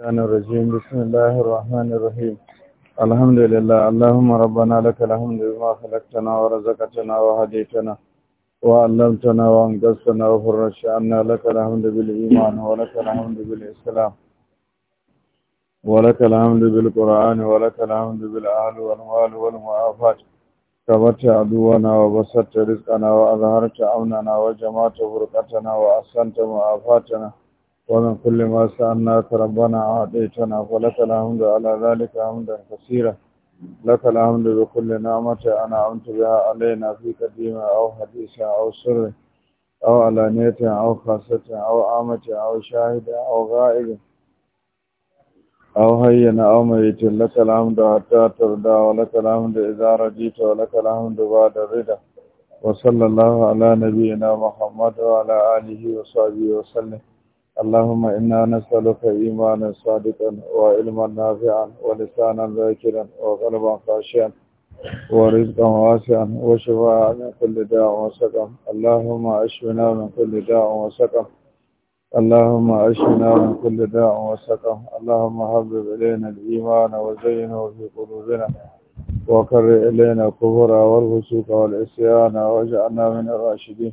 الشيطان الرجيم بسم الله الرحمن الرحيم الحمد لله اللهم ربنا لك الحمد بما خلقتنا ورزقتنا وهديتنا وعلمتنا وانقذتنا وفرجت عنا لك الحمد بالإيمان ولك الحمد بالإسلام ولك الحمد بالقرآن ولك الحمد بالأهل والمال والمعافات كبرت عدونا وبسطت رزقنا وأظهرت عوننا وجمعت فرقتنا وأحسنت معافاتنا ومن كل ما سألناك ربنا أعطيتنا ولك الحمد على ذلك حمدا كثيرا لك الحمد بكل نعمة أنا أمت بها علينا في قديمة أو حديثة أو سر أو علانية أو خاصة أو عامة أو شاهدة أو غائبة أو هين أو ميت لك الحمد حتى ترضى ولك الحمد إذا رجيت ولك الحمد بعد الرضا وصلى الله على نبينا محمد وعلى آله وصحبه وسلم اللهم إنا نسألك إيمانا صادقا وعلما نافعا ولسانا ذاكرا وقلبا خاشعا ورزقا واسعا وشفاء من كل داء وسقم اللهم اشفنا من كل داء وسقم اللهم اشفنا من كل داء وسقم اللهم حبب الينا الايمان وزينه في قلوبنا وكر الينا الكفر والفسوق والعصيان واجعلنا من الراشدين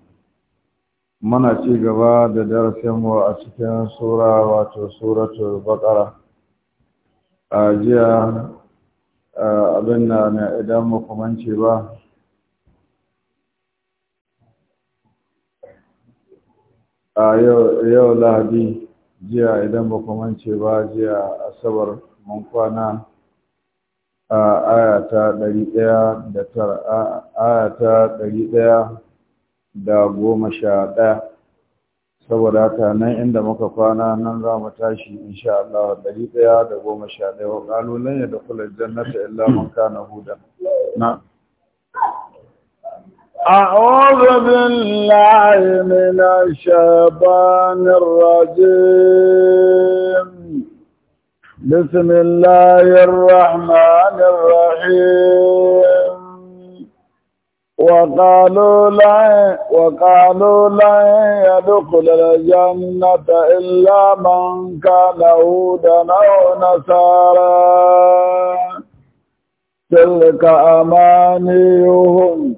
muna ci gaba da darasinmu a cikin sura wato suratul baqara a jiya abin na na idan makamanci ba a yau lahadi jiya idan makamanci ba jiya asabar mun kwana a aya ta 109 da goma sha ɗaya saboda haka nan inda muka kwana nan za mu tashi insha Allah ɗari ɗaya da goma sha ɗaya wa ƙalulan ya da kula jannata illa man kana huda na أعوذ بالله من الشيطان الرجيم بسم الله الرحمن الرحيم وقالوا لا وقالوا لا يدخل الجنة إلا من كان هودا أو نصارى تلك أمانيهم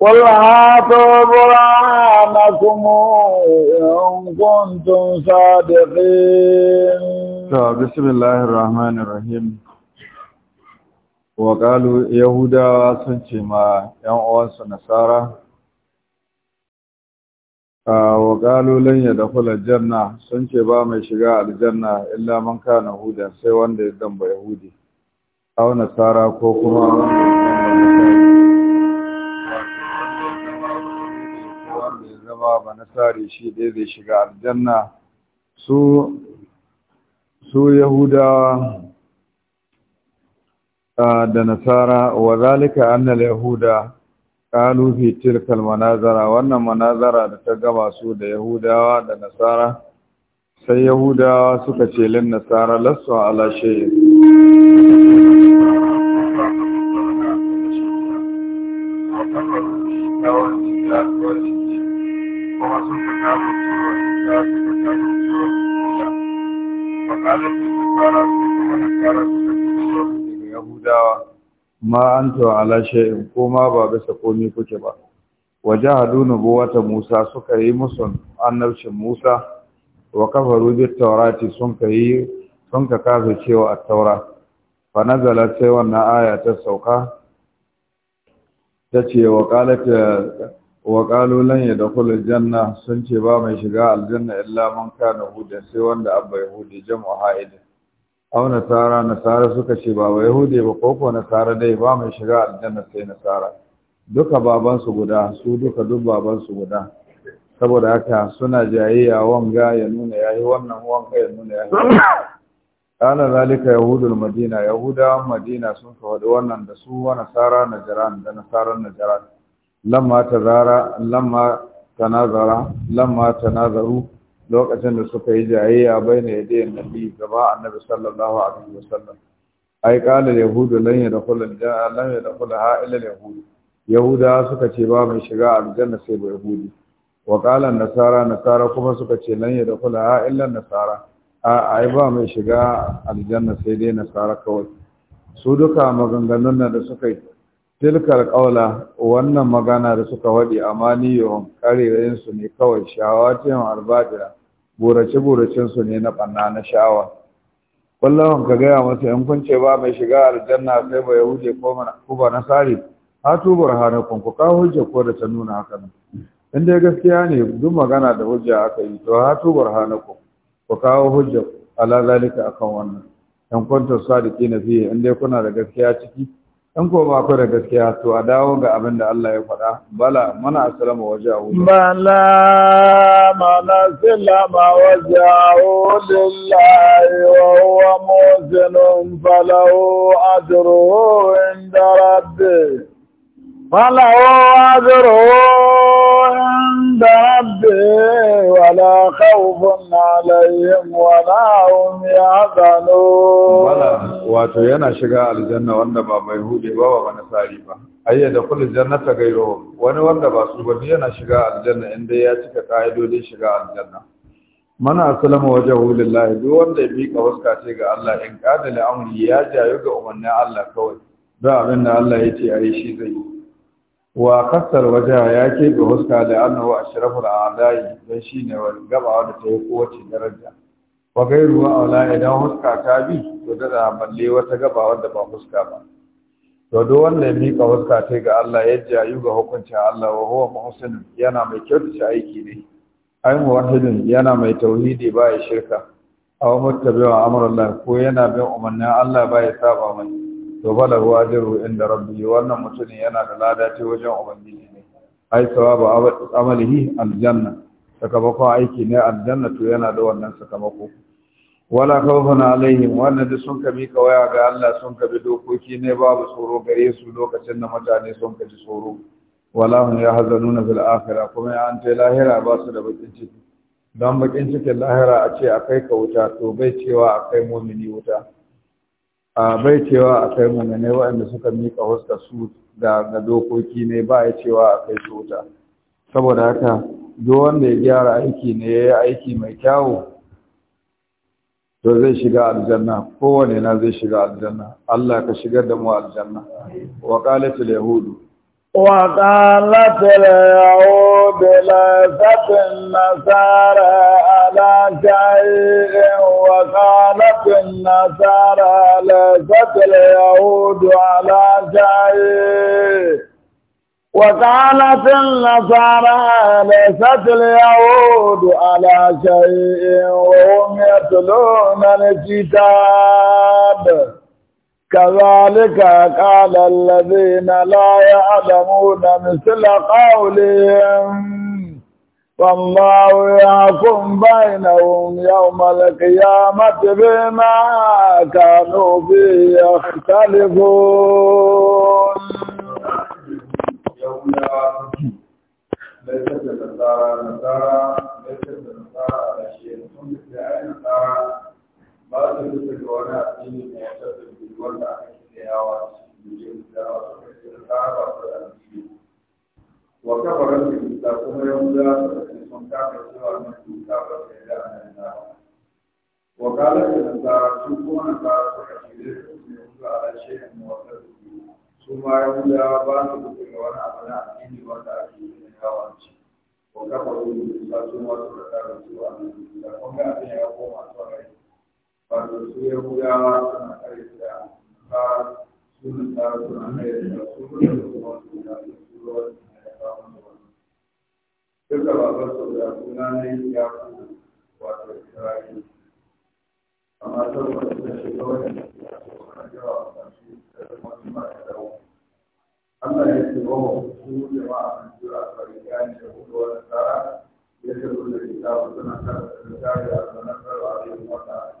قل هاتوا برهانكم إن كنتم صادقين طيب، بسم الله الرحمن الرحيم wa yahudawa sun ce ma ‘yan uwansu nasara wa ƙalu lanya da kula janna sun ce ba mai shiga aljanna illa man kana huda sai wanda ya zamba yahudi au nasara ko kuma wanda ya zama ba nasari shi ɗaya zai shiga aljanna su yahudawa da nasara wa zalika annal yahuda qalu fi tilkal manazara wannan manazara da ta gaba su da yahudawa da nasara sai yahudawa suka ce lin nasara lasu ala shay'in ma antum ala shay'in kuma ba bisa komai kuke ba wajahadu nubuwata Musa suka yi musu annabcin Musa wa kafaru bit tawrati sun yi sun ka kafa cewa at-taura fa nazala sai wannan aya ta sauka tace wa qalat wa qalu lan yadkhulul janna sun ce ba mai shiga aljanna illa man kana huda sai wanda abba yahudi jama'a haidin au nasara nasara suka ce ba wa yahude ba koko ko nasara dai ba mai shiga aljanna sai nasara duka babansu guda su duka duk babansu guda saboda haka suna jayayya wanga ya nuna yayi wannan wanga ya nuna yayi kana zalika yahudul madina yahudawan madina sun faɗi wannan da su wa nasara najran da nasaran najran lamma tazara lamma tanazara lamma tanazaru lokacin da suka yi jayayya yadda yin nabi gaba annabi sallallahu alaihi wasallam ai kala yahudu lan ya al-janna lan yadkhulaha illa al yahudu yahuda suka ce ba mai shiga aljanna sai ba yahudi wa qala nasara nasara kuma suka ce lan yadkhulaha illa nasara a ai ba mai shiga aljanna sai dai nasara kawai su duka maganganun nan da suka yi tilkar kaula wannan magana da suka waɗi amaniyon ƙarerayensu ne kawai shawatiyan albadira Borace-boracensu ne na ɓanna na sha'awa kullum ka gaya masa 'yan kun ce ba mai shiga aljanna sai ba ya wuce ko ba nasari hatu burhanakum ku kawo hujja ko da ta nuna haka nan in dai gaskiya ne duk magana da hujja aka yi to hatu burhanakum ku kawo hujja ala zalika akan wannan Yan kwantar sadiki na fiye in dai kuna da gaskiya ciki in ko ba ku da gaskiya to a dawo ga abin da Allah ya faɗa bala mana asalama wajahu bala mana asalama wajahu lillahi wa huwa muzinun falahu ajruhu inda rabbi فله أجره عند ربه ولا خوف عليهم ولا هم يحزنون wato yana shiga aljanna wanda ba mai hude ba wa nasari ba ayya da kullu jannata gairo wani wanda ba su ba yana shiga aljanna inda ya cika kaidodin shiga aljanna mana aslama wajhu lillahi duk wanda ya miƙa waska ce ga Allah in qadala amri ya jayu ga umarnin Allah kawai da abin da Allah ya ce ayi shi zai yi wa kasar waje ya keɓe huska da annahu don shi dan wani gabawa da ta yi kowace daraja wa a aula idan huska ta bi to da balle wata gabawa da ba huska ba to do wanda ya mika huska ta ga Allah ya jayu ga hukuncin Allah wa huwa muhsin yana mai shi aiki ne ai muwahhidin yana mai tauhidi ba ya shirka aw muttabi'a amrullah ko yana bin umarnin Allah ba ya saba mai to falahu ajru inda rabbi wannan mutumin yana da lada ce wajen ubangiji ne ai sawabu amalihi aljanna sakamakon aiki ne aljanna to yana da wannan sakamako wala khawfun alaihim wannan da sun kabi kawaya ga Allah sun kabi dokoki ne babu tsoro gare su lokacin da mutane sun kaji tsoro wala hum yahzanuna fil akhirah kuma an tai lahira ba su da bakin ciki don bakin cikin lahira a ce akai ka wuta to bai cewa akai mumini wuta a bai cewa a kai ne waɗanda suka miƙa huska su ga dokoki ne ba ya cewa a kai su wuta saboda haka duk wanda ya gyara aiki ne ya yi aiki mai kyawu to zai shiga aljanna kowane na zai shiga aljanna Allah ka shigar da mu aljanna wa qalatul yahudu وقالت اليهود ليست النصارى على شيء وقالت النصارى ليست اليهود على شيء وقالت النصارى ليست اليهود على شيء وهم يتلون الكتاب كذلك قال الذين لا يعلمون مثل قولهم والله يحكم بينهم يوم القيامة بما كانوا فيه يختلفون ليست ما wanda aka kiyawa cikin da yawa suka ce ta ba su da aljihu wa kafarar da isa kuma yahuda suka ce sun kafa cewa na tuta ba su da annabawa wa da nasara su kuma nasara suka ce da su ne su a rashe da mawasar su su ma yahuda ba su da daga wani abu na wanda ake yi na yawa ci wa kafarar da su ma suka na tuta kun ya koma su a rai wato su yahudawa suna karanta ba sunan tsara su an da su kuma da kuma su da ruwa da ya kawo da wani duka babar su da suna ne ya kuma wato israeli amma saboda suna shiga wani da su kuma yawa a shi da kuma su ma da dawo Allah ya ce wa su jama'a a jira farika ne da kuma wani tsara ya ce da ita suna karanta da tsari a sanar da wa'adin wata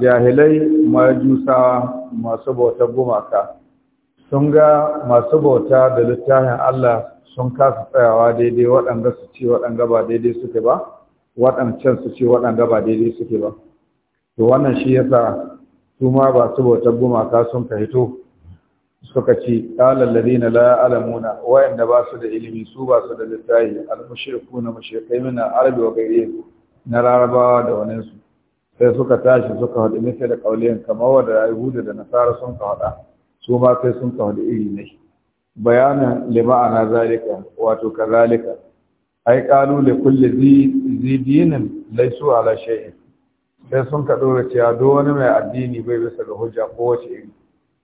jahilai majusa masu bauta gumaka sun ga masu bauta da littafin Allah sun kasa tsayawa daidai waɗanda su ce waɗanda ba daidai suke ba waɗancan su ce waɗanda ba daidai suke ba to wannan shi yasa su ma ba su bauta gumaka sun ka hito suka ce ƙalar na la alamuna wayanda ba su da ilimi su ba su da littafi al-mushriku na mushrikai min arabi wa gairi na larabawa da wani su sai suka tashi suka haɗu misali da ƙauliyan kamar wadda yahudu da nasara sun ka haɗa su ma sai sun ka haɗu iri ne bayanin na zalika wato kazalika ai ƙalu da kulle zidinin laisu ala shay'in sai sun ka ɗora cewa duk wani mai addini bai bisa ga hujja ko wace iri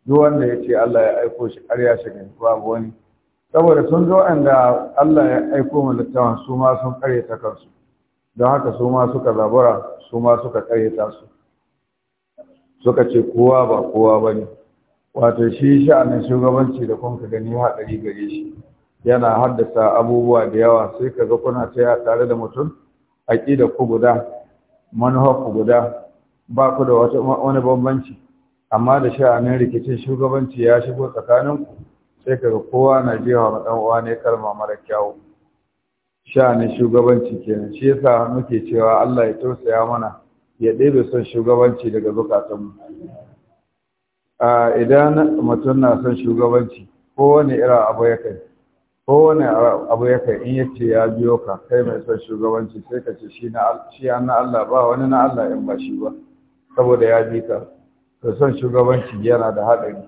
duk wanda ya ce Allah ya aiko shi ƙarya shi ga babu wani saboda sun zo inda Allah ya aiko mu littafin su ma sun ƙare ta kansu don haka su ma suka zabura su ma suka karyata su suka ce kowa ba kowa ba ne wato shi sha'anin shugabanci da kun ka gani haɗari gare shi yana haddasa abubuwa da yawa sai ka ga kuna ta tare da mutum aƙida ku guda manufar guda ba ku da wata wani bambanci amma da sha'anin rikicin shugabanci ya shigo tsakaninku sai ka ga kowa na jewa wa ɗan uwa ne kalma mara kyawu Sha sha'anin shugabanci kenan shi yasa muke cewa Allah ya tausaya mana ya ɗebe son shugabanci daga zukatanmu a idan mutum na son shugabanci kowane irin abu ya kai kowane abu ya kai in ya ce ya biyo ka kai mai son shugabanci sai ka ce shi na Allah ba wani na Allah in ba shi ba saboda ya bi ka to son shugabanci yana da haɗari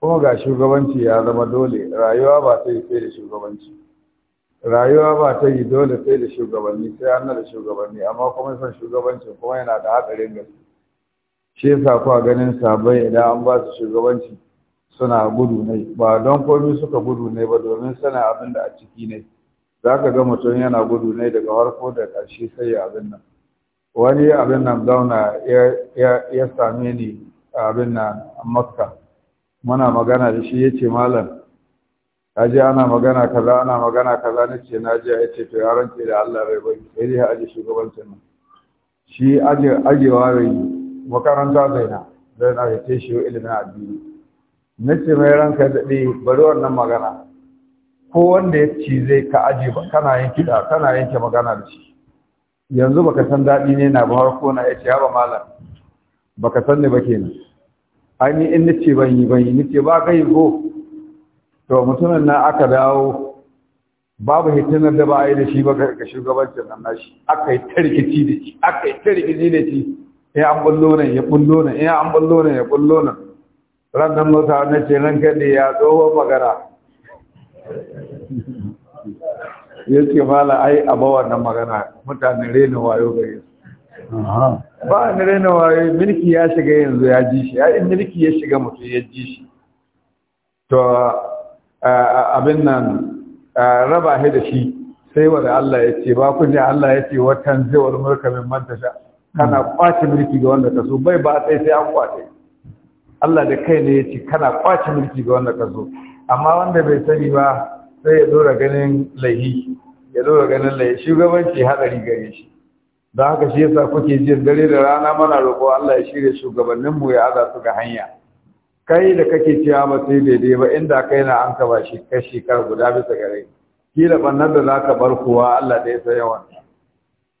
kuma ga shugabanci ya zama dole rayuwa ba sai sai da shugabanci rayuwa ba ta yi dole sai da shugabanni sai an da shugabanni amma kuma san shugabancin kuma yana da hatsarin gaske shi yasa kuwa ganin sabai idan an ba su shugabanci suna gudu ne ba don komi suka gudu ne ba domin sana abin da a ciki ne za ka ga mutum yana gudu ne daga harko da ƙarshe sai ya abin nan wani abin nan zauna ya same ni abin nan makka muna magana da shi ya ce malam aje ana magana kaza ana magana kaza ne ce na ji ya ce to ya ranke da Allah bai bai sai dai aje shugabancin nan shi aje aje rai makaranta zaina zaina ya ce shi ilimin addini na ce mai ranka daɗe bari wannan magana ko wanda ya ci zai ka aje ba kana yin kiɗa kana yanke magana da shi yanzu baka san daɗi ne na ba har ko na ya ce malam baka san ne ba kenan ai in nace ban yi ban yi nace ba kai go to mutumin nan aka dawo babu hitinar da ba a yi da shi ba ga shugabancin nan nashi aka yi ta rikici da shi aka yi ta rikici da shi ya eh, an bullo nan ya bullo nan ya eh, an bullo nan ya bullo nan ran nan mota na ce nan kada ya tsohon magana ya ce mala ai a ba wannan magana mutane rena wayo gare su ba ni rena wayo milki ya shiga yanzu ya ji shi ya in milki ya shiga mutum ya ji shi to abin nan raba shi da shi sai wanda Allah ya ce ba kun Allah ya ce watan zai wal mulka min mantasha kana hmm. kwace mulki ga wanda kaso bai ba sai sai an kwace Allah da kai ne ya ce kana kwace mulki ga wanda kaso amma wanda bai sani ba sai ya dora ganin laihi ya dora ganin laihi shugabanci hadari gare shi don haka shi yasa kuke jin dare da rana mana roƙo Allah ya shirya shugabanninmu ya aza su ga hanya kai da kake cewa ba sai daidai ba inda kai na an ka ba shi kashi kar guda bisa gare kila bannan da za ka bar kowa Allah da ya sa yawan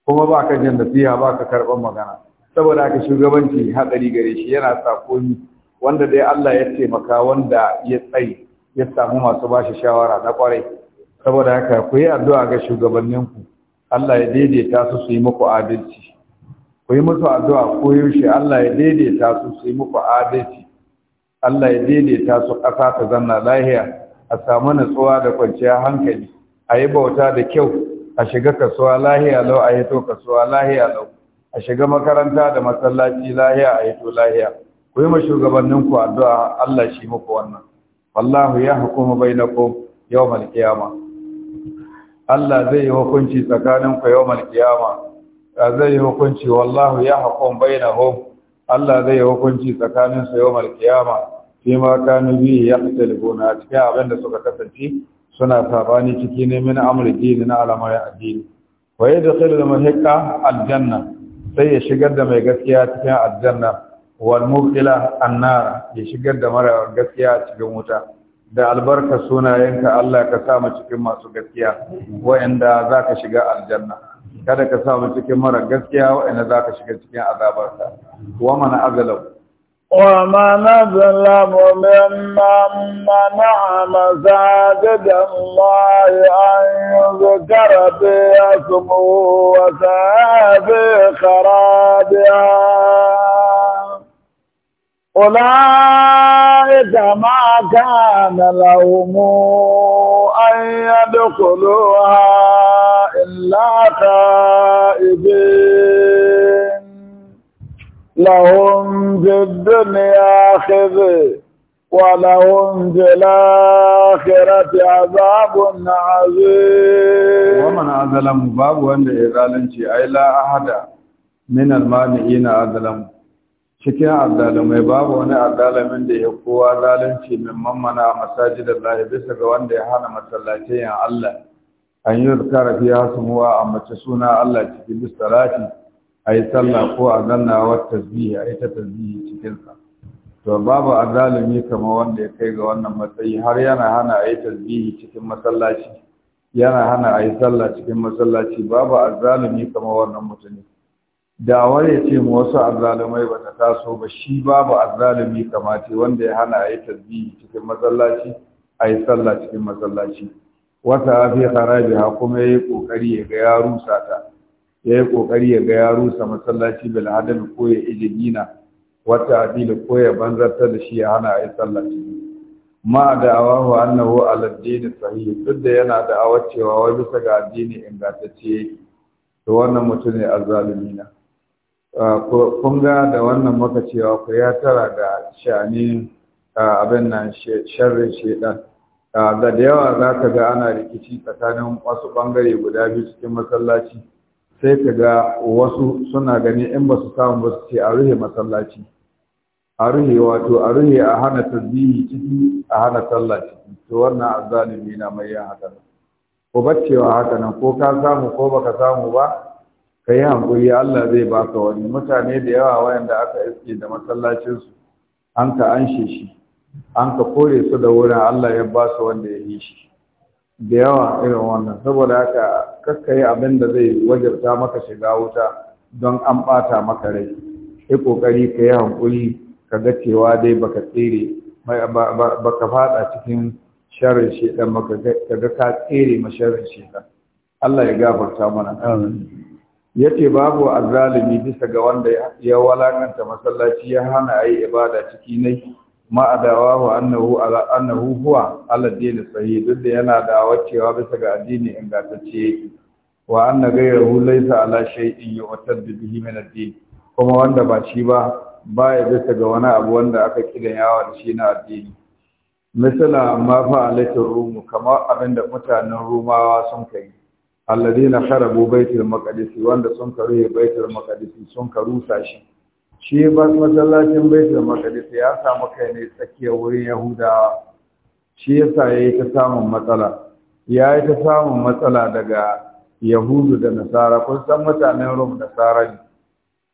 kuma ba ka jin nasiha ba ka karɓan magana saboda haka shugabanci hadari gare shi yana sa komi wanda dai Allah ya taimaka wanda ya tsai ya samu masu bashi shawara na kwarai saboda haka ku yi addu'a ga shugabanninku Allah ya daidaita su su yi muku adalci ku yi musu addu'a ko yaushe Allah ya daidaita su su yi muku adalci Allah ya daidaita su ƙasa ta zanna lahiya a samu natsuwa da kwanciyar hankali a yi bauta da kyau a shiga kasuwa lahiya lau a hito kasuwa lahiya lau a shiga makaranta da masallaci lahiya a hito lahiya ku yi ma ku addu'a Allah shi muku wannan wallahu ya hukuma bainakum yawmal qiyamah Allah zai yi hukunci tsakanin ku yawmal qiyamah zai yi hukunci wallahu ya haƙon bainahum Allah zai yi hukunci tsakanin su yawmal kiyama fi ma kanu bi a cikin abin suka kasance suna sabani ciki ne min amr dini na al'amari addini wa yadkhulu al-muhiqqa al aljanna sai ya shigar da mai gaskiya cikin aljanna wal mubtila annar ya shigar da mara gaskiya cikin wuta da albarka sunayenka Allah ka sa mu cikin masu gaskiya wa'anda zaka shiga aljanna kada ka sa mu cikin mara gaskiya waɗanda za ka shiga cikin azabarsa wa mana azalau ومن أظلم ممن منع مساجد الله أن يذكر في اسمه وسعى في خرابها أولئك ما كان لهم أن يدخلوها إلا خائفين لهم في الدنيا خزي ولهم في الآخرة عذاب عظيم ومن أظلم باب وند إذالن شيء أي لا أحد من المانعين أظلم cikin azalamai babu wani azalamin da ya kowa zalunci min mammana masajidar lahi bisa ga wanda ya hana masallacin Allah an yi zukara fiye a mace suna Allah cikin bistarati a yi sallah ko a zannawa tasbihi a yi ta tasbihi cikinsa to babu azalumi kama wanda ya kai ga wannan matsayi har yana hana a yi tasbihi cikin masallaci yana hana a yi sallah cikin masallaci babu azalumi kama wannan mutane da ya ce mu wasu azzalumai ba ta taso ba shi babu azzalumi kamata wanda ya hana a yi tasbihi cikin masallaci a yi sallah cikin masallaci wata hafi harabiha kuma ya yi ƙoƙari ya ga ya rusa ta ya yi ƙoƙari ya ga ya rusa masallaci bil adal ko ya ije gina wata adili ko ya ta da shi ya hana a yi sallaci ma da awahu annahu ala addini sahih duk da yana da cewa wai bisa ga addini ingantacce yake to wannan mutum ne azzalimina kun ga da wannan maka cewa ku ya tara ga sha'anin abin nan sharrin shaidan da da yawa za ka ga ana rikici tsakanin wasu bangare guda biyu cikin masallaci sai ka ga wasu suna gani in ba su samu ba su ce a ruhe masallaci a ruhe wato a ruhe a hana tarbihi ciki a hana sallah ciki to wannan azzalimi na mai yin haka ko baccewa haka nan ko ka samu ko baka samu ba ka yi hankuri Allah zai baka wani mutane da yawa wayanda aka iske da masallacinsu an ka anshe shi an ka kore su da wurin Allah ya ba su wanda ya yi shi da yawa irin wannan saboda haka kakka yi abin da zai wajarta maka shiga wuta don an ɓata maka rai sai ƙoƙari ka yi hankuli ka ga cewa dai baka tsere baka fada cikin sharrin shedan ka ga ka tsere ma sharrin shedan Allah ya gafarta mana ya ce babu azzalimi bisa ga wanda ya walakanta masallaci ya hana yi ibada ciki nai. ma a dawahu annahu annahu huwa sahih duk da yana da wacewa bisa ga addini ingantacce wa anna ghayruhu laysa ala shay'in yu'taddu bihi min ad kuma wanda ba shi ba baya bisa ga wani abu wanda aka kira yawa da shi na addini misala ma fa alaytu rumu kama abinda mutanen rumawa sun kai alladina kharabu baitul maqdis wanda sun karuhe baitul maqdis sun karusa shi shi masallacin da maqdis ya samu kai ne tsakiyar wurin yahudawa shi yasa yi ta samun matsala Ya yi ta samun matsala daga yahudu da nasara kun san mutanen rum nasara ne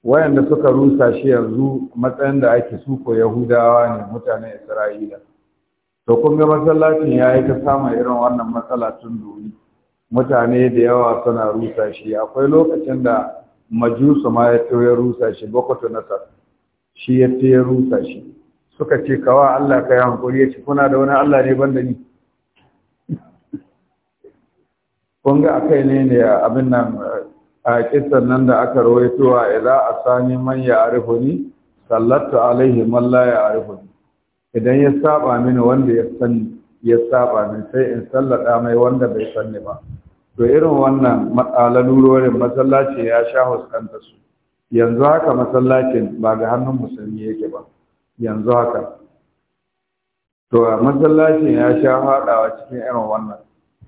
wayanda suka rusa shi yanzu matsayin da ake suko yahudawa ne mutanen isra'ila to kun ga masallacin yayi ta samun irin wannan matsala tun dori mutane da yawa suna rusa shi akwai lokacin da majusu ma ya to ya rusa shi bakwato nasar shi ya to ya rusa shi suka ce kawa Allah ka yi hankuri ya ce kuna da wani Allah ne banda ni kun ga akai ne ne abin nan a kisan nan da aka rawaito a idza asani man ya arifuni sallatu alaihi man la ya arifuni idan ya saba mini wanda ya sani ya saba min sai in sallada mai wanda bai sani ba to irin wannan nurorin, masallaci ya sha huskanta su yanzu haka masallacin ba ga hannun musulmi yake ba yanzu haka to masallacin ya sha haɗawa cikin irin wannan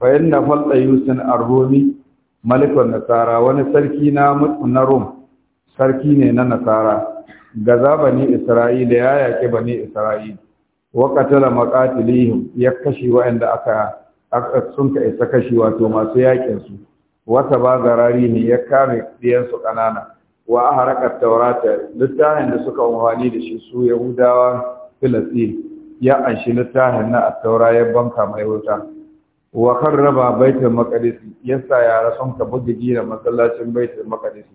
fa inna falda yusin arhumi malikon nasara wani sarki na na rum sarki ne na nasara gaza bani isra'ila ya yaƙi bani isra'ila wa qatala maqatilihim ya kashe wa'anda aka sun ka isa kashi wato masu yakin su wata ba zarari ne ya kame diyan su kanana wa harakar taurata littafin da suka umarni da shi su yahudawa filistin ya anshi littafin na taura ya banka mai wuta wa karraba baitul maqdis sa yara sun ka buga gina masallacin baitul maqdis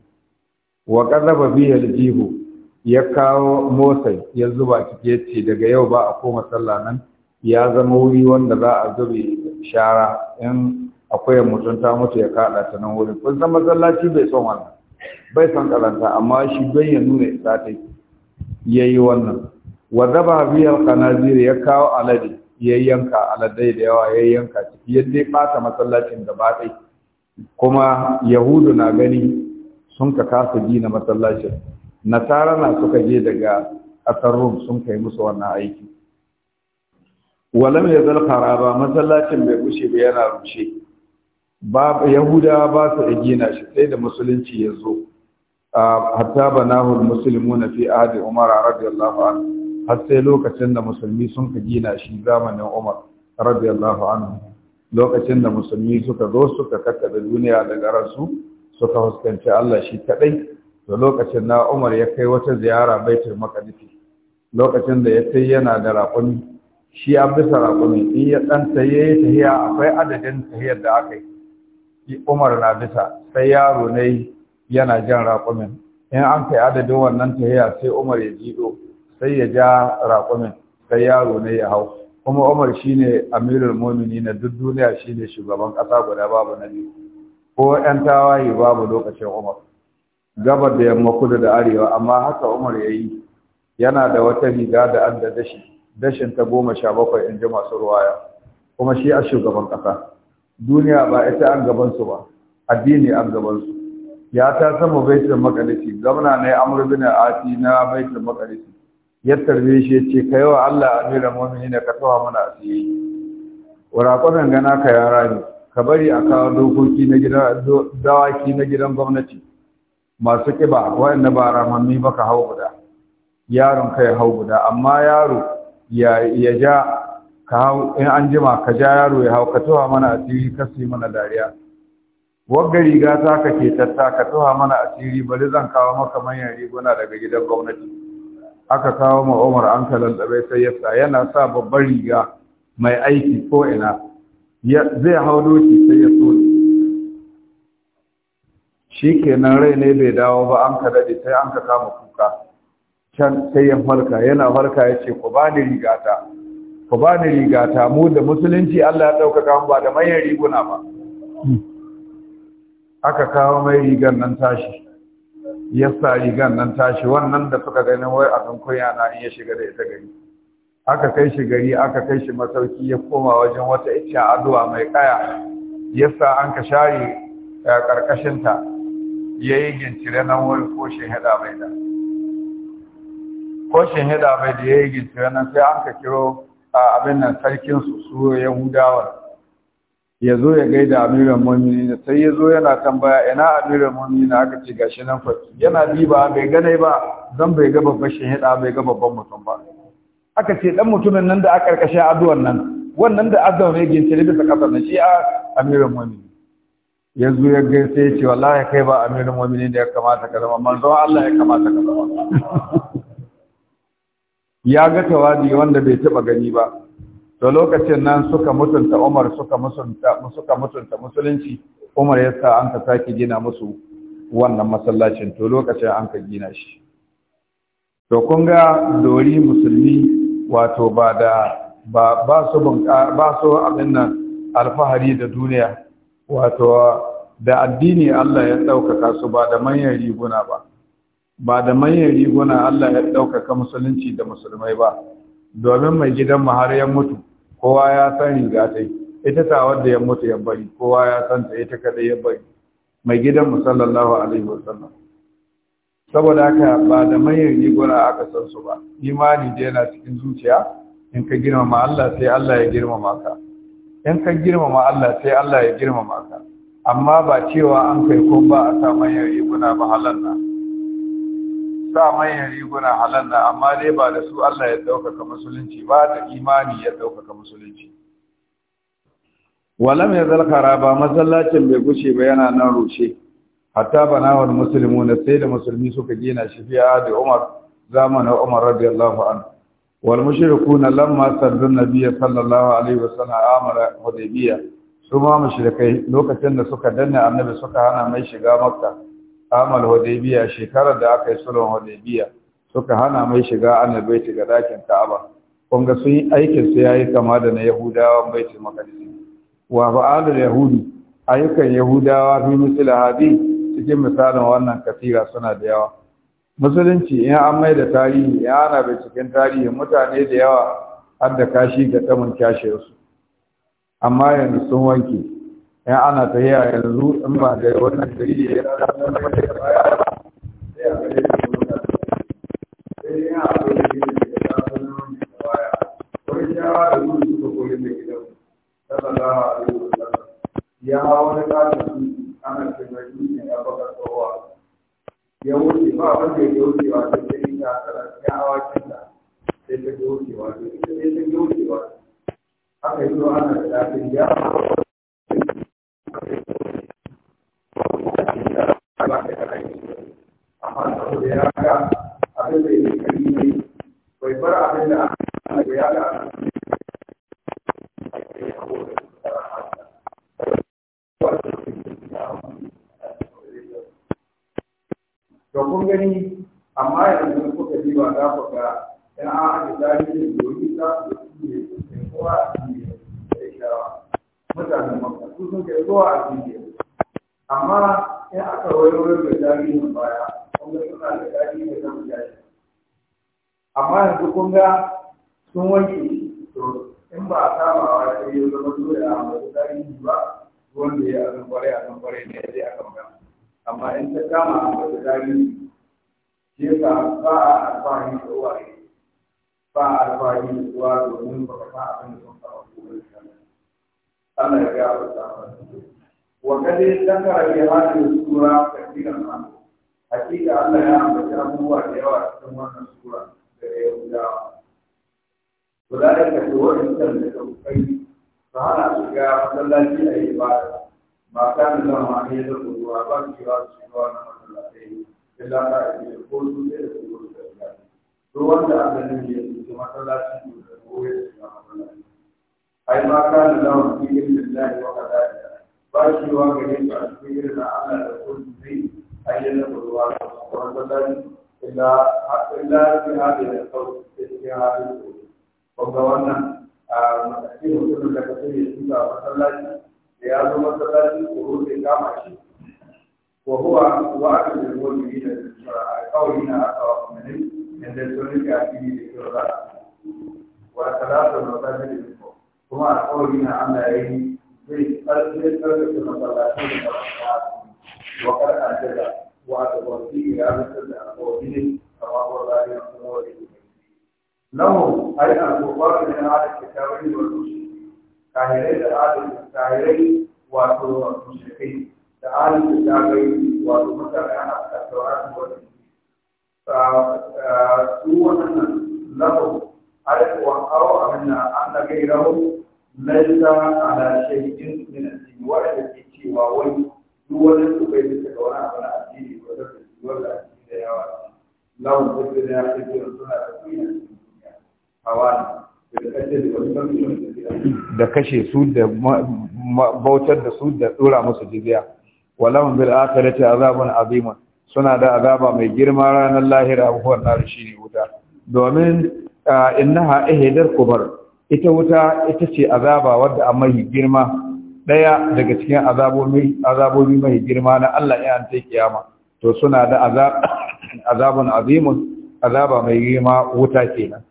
wa karraba bihi aljihu ya kawo motsai ya zuba cike ce daga yau ba a koma sallah nan ya zama wuri wanda za a zube shara in akwai mutunta mutu ya kada ta nan wurin kun san masallaci bai son wannan bai son karanta amma shi don ya nuna isa ta ya yi wannan wa zaba biyar kanazir ya kawo alade ya yanka aladai da yawa ya yanka ciki yadda ya ɓata masallacin da ɗai kuma yahudu na gani sun ka kasa gina masallacin nasara na suka je daga ƙasar rum sun kai musu wannan aiki walam ya zalfara ba masallacin bai bushe ba yana rushe ba yahudawa ba su gina shi sai da musulunci ya zo hatta banahu muslimuna fi ahdi umar radiyallahu anhu har sai lokacin da musulmi sun ka gina shi zamanin umar radiyallahu anhu lokacin da musulmi suka zo suka kakkaɓe duniya daga rasu suka fuskanci Allah shi kaɗai da lokacin na umar ya kai wata ziyara baitul maqdis lokacin da ya kai yana da raƙumi. shi ya bisa raƙumi in ya ɗan taye tahiya akwai adadin tahiyar da aka yi umar na bisa sai yaro ne yana jan raƙumin in an kai adadin wannan tahiya sai umar ya jido sai ya ja raƙumin sai yaro ne ya hau kuma umar shine amirul momini na duk duniya shine shugaban ƙasa guda babu na biyu ko 'yan tawaye babu lokacin umar gabar da yamma kudu da arewa amma haka umar ya yi yana da wata riga da an da dashi dashin ta goma sha bakwai in ji masu ruwaya kuma shi a shugaban ƙasa duniya ba ita an gabansu ba addini an gabansu ya ta sama baitul maqdisi zamana ne amr bin ati na baitul maqdisi ya tarbe shi ya ce kai wa Allah amiran mu'minin ka tawa mana asiri waraƙon gana ka yara ne ka bari a kawo dokoki na gidan dawaki na gidan gwamnati masu kiba wa'anda ba ramanni ba ka hau guda yaron kai hau guda amma yaro ya ja ka hau in an jima ka ja yaro ya hau ka tuha mana asiri ka su mana dariya wagga riga ta ka ke tatta ka tuha mana asiri bari zan kawo maka manyan riguna daga gidan gwamnati aka kawo ma Umar an kalandabe sai ya sa yana sa babban riga mai aiki ko ina zai hau doki sai ya so shi kenan rai ne bai dawo ba an ka daɗe sai an ka kama ku can sai yin farka yana farka ya ce ku bani rigata ku bani rigata mu da musulunci Allah ya ɗaukaka mu ba da manyan riguna ba aka kawo mai rigan nan tashi ya sa rigan nan tashi wannan da suka ganin wai abin kunya na iya shiga da ita gari aka kai shi gari aka kai shi masauki ya koma wajen wata icce addu'a mai kaya ya sa an ka share karkashinta eh, ya yi gincire nan wani ko shi hada mai da ko shahida bai da ya yi gicciya nan sai an ka kiro a abin nan sarkin su su hudawa. ya zo ya gaida amiran mummini sai ya zo yana tambaya ina amiran mummini aka ce gashi nan fa yana ba bai gane ba zan bai ga babban shahida bai ga babban mutum ba aka ce dan mutumin nan da aka karkashe aduwan nan wannan da azan ne gicciya bisa kasar nan shi a amiran mummini ya zo ya gaisa ya ce wallahi kai ba amirin mu'minin da ya kamata ka zama manzo Allah ya kamata ka zama ya ga tawadi wanda bai taba gani ba to lokacin nan suka mutunta Umar suka mutunta suka mutunta musulunci Umar ya sa an ka sake gina musu wannan masallacin to lokacin an ka gina shi to kun ga dori musulmi wato ba da ba ba su ba su abin nan alfahari da duniya wato da addini Allah ya ɗaukaka su ba da manyan riguna ba ba da manyan riguna Allah ya ɗaukaka musulunci da musulmai ba domin mai gidan mu har ya mutu kowa ya san riga ta ita ta wadda ya mutu ya bari kowa ya san ta ita kadai ya bari mai gidan musallallahu sallallahu alaihi wasallam saboda haka ba da manyan riguna aka san su ba imani da yana cikin zuciya in ka girmama Allah sai Allah ya girmama ka in ka girmama Allah sai Allah ya girmama ka amma ba cewa an kai ko ba a sa manyan riguna ba halanna sa manyan riguna halal na amma dai ba da su Allah ya ɗaukaka musulunci ba da imani ya ɗaukaka musulunci walam ya zalkara ba masallacin bai gushe ba yana nan rushe hatta banawar musulmi na sai da musulmi suka gina shi fiya da umar zamanin umar radiyallahu anhu wal mushrikuna lamma sallu nabiyya sallallahu alaihi wasallam amara hudaybiya su ma mushrikai lokacin da suka danna annabi suka hana mai shiga makka amal hudaybiya shekarar da aka yi sulhun hudaybiya suka hana mai shiga anal baiti ga dakin ka'aba kun ga sun yi aikin su yayi kama da na yahudawa baitul maqdis wa fa'alul yahudi ayyukan yahudawa fi misal hadi cikin misalin wannan kafira suna da yawa musulunci in an mai da tarihi ya ana binciken tarihi mutane da yawa har da kashi ga tamun kashe su amma yanzu sun wanke in ana tafiya yanzu in ba da wannan dalili ya zama da da mota sai ina abu da da da wani Ya ya wani ana ya wuce ba wanda ya ta yi ya da sai ta sai ta aka yi zuwa ana da gani yi da alƙawari na aka wa kumanai yadda sun rike a fili da kyau za wa salatu da masajin da kuma alƙawari na Allah ya yi zai tsarkake tsarkake masallacin da ba wa kar an jaza wa da wasi ya rubuta da alƙawari ne kama ko zai kuma wani lahu ai al-bukhari min al-kitabi wal-rusul kahirai da al-kahirai dalila ala shay'in min al-din wa da wa cewa wani duk wani su bai bisa ga wani abu na addini ko da su wala addini da yawa lawan da da ya fi jira suna da kunya hawa da kashe su da bautar da su da tsora musu jibiya walahum bil akhirati azabun azima suna da azaba mai girma ranar lahira wa nar shi ne wuta domin innaha ihdar kubar ita wuta ita ce azaba wadda a mahi girma ɗaya daga cikin azabobi mahi girma na Allah ya ta kiyama to suna da azabun azimun azaba mai girma wuta kenan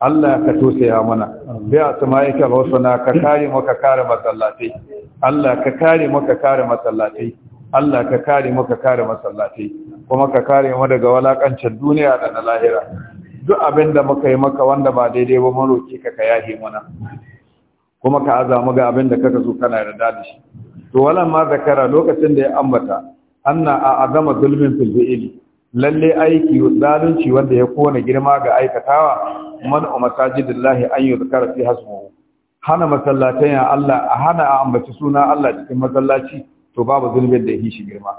Allah ka ya mana bi asma'i al-husna ka kare maka kare masallatai Allah ka kare maka kare masallatai Allah ka kare mu kare masallatai kuma ka kare mu daga walakancin duniya da na lahira duk abin da muka yi maka wanda ba daidai ba maroki ka ka yahe muna kuma ka aza ga abin da kaka zo kana yarda da shi to walan ma zakara lokacin da ya ambata anna a azama zulmin fil fi'li lalle aiki zalunci wanda ya kona girma ga aikatawa man umasajidillahi an yuzkara fi hasmuhu hana masallatan ya Allah a hana a ambaci suna Allah cikin masallaci to babu zulmin da yi shi girma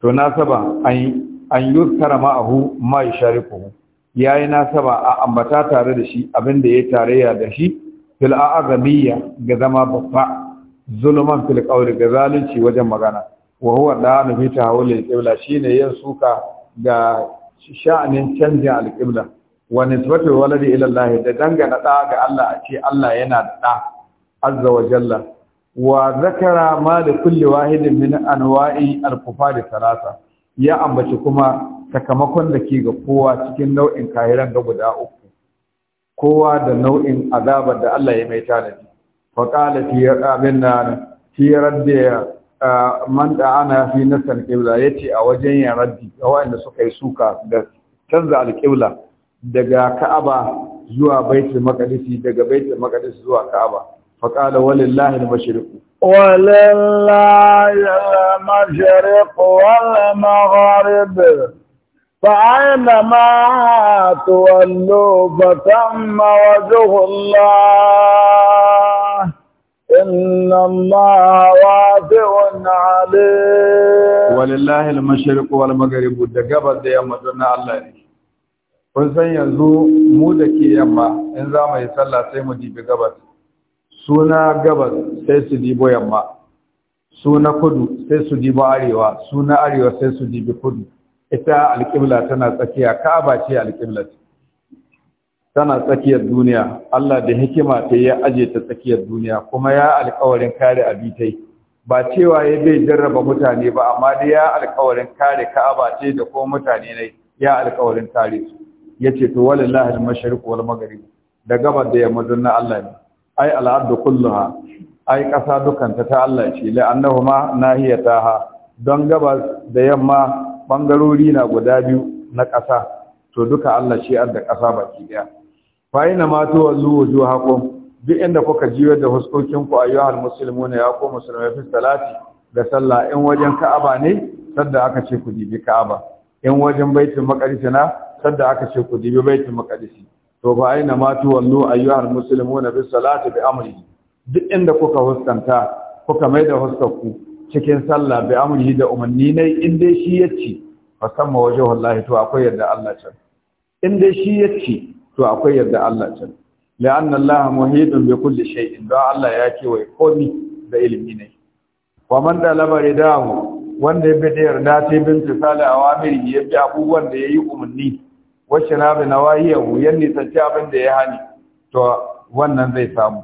to na saba, an an yuzkara ma'ahu ma yushariku ya yi nasaba a ambata tare da shi abin da ya tarayya da shi fil a'azamiyya ga zama babba zuluman fil qawli ga zalunci wajen magana wa huwa da nufi tahawul qibla shine yin suka ga sha'anin canjin alqibla wa nisbatu waladi ila Allah da dangana da ga Allah a ce Allah yana da da azza wa jalla wa zakara ma da kulli wahidin min anwa'i al-kufari salasa ya ambaci kuma sakamakon da ke ga kowa cikin nau'in kahiran ga guda uku kowa da nau'in azabar da Allah ya mai tanadi fa qala fi abin nan fi radda man da ana fi nasal qibla yace a wajen ya raddi wanda suka yi suka da canza alqibla daga Ka'aba zuwa baitul maqdis daga baitul maqdis zuwa Ka'aba fa qala walillahi al-mashriq walillahi al-mashriq wal maghrib فأينما تولوا فتم وجه الله إن الله واسع عليم ولله المشرق والمغرب دغبر da yamma don Allah ne kun san yanzu mu da ke yamma in za mu yi sallah sai mu dibi gabas suna gabas sai su dibo yamma suna kudu sai su dibo arewa suna arewa sai su dibi kudu ita alƙibla tana tsakiya ka'aba ce alƙibla tana tsakiyar duniya Allah da hikima ta ya aje ta tsakiyar duniya kuma ya alƙawarin kare abitai ba cewa ya bai jarraba mutane ba amma da ya alƙawarin kare ka'aba ce da kuma mutane ne ya alƙawarin kare su yace to walillahi al-mashriq wal maghrib da gabar da yamma dunna Allah ne ai al-ardu kulluha ai ƙasa dukanta ta Allah ce la annahuma nahiyataha don gabas da yamma bangarori na guda biyu na ƙasa to duka Allah shi da ƙasa baki daya fa ina ma to wazu hako duk inda kuka jiwa da huskokin ku al muslimuna ya ku musulmai fi salati da sallah in wajen Ka'aba ne sadda aka ce ku dibi Ka'aba in wajen baitul maqdis na sadda aka ce ku dibi baitul maqdis to fa ina ma tu ayu al muslimuna fi salati bi amri duk inda kuka huskanta kuka maida da ku cikin sallah bai amurhi da umarni ne in dai shi ya ci musamman waje wallahi to akwai yadda Allah can in shi ya ci to akwai yadda Allah can la'anna Allah muhidun bi kulli shay'in da Allah ya wai komi da ilimi ne wa man da labari mu wanda ya bi da yarda sai bin tsala awamiri ya bi abubuwan da yayi umarni wa shanabi nawahiyahu ya nisanci abin da ya hani to wannan zai samu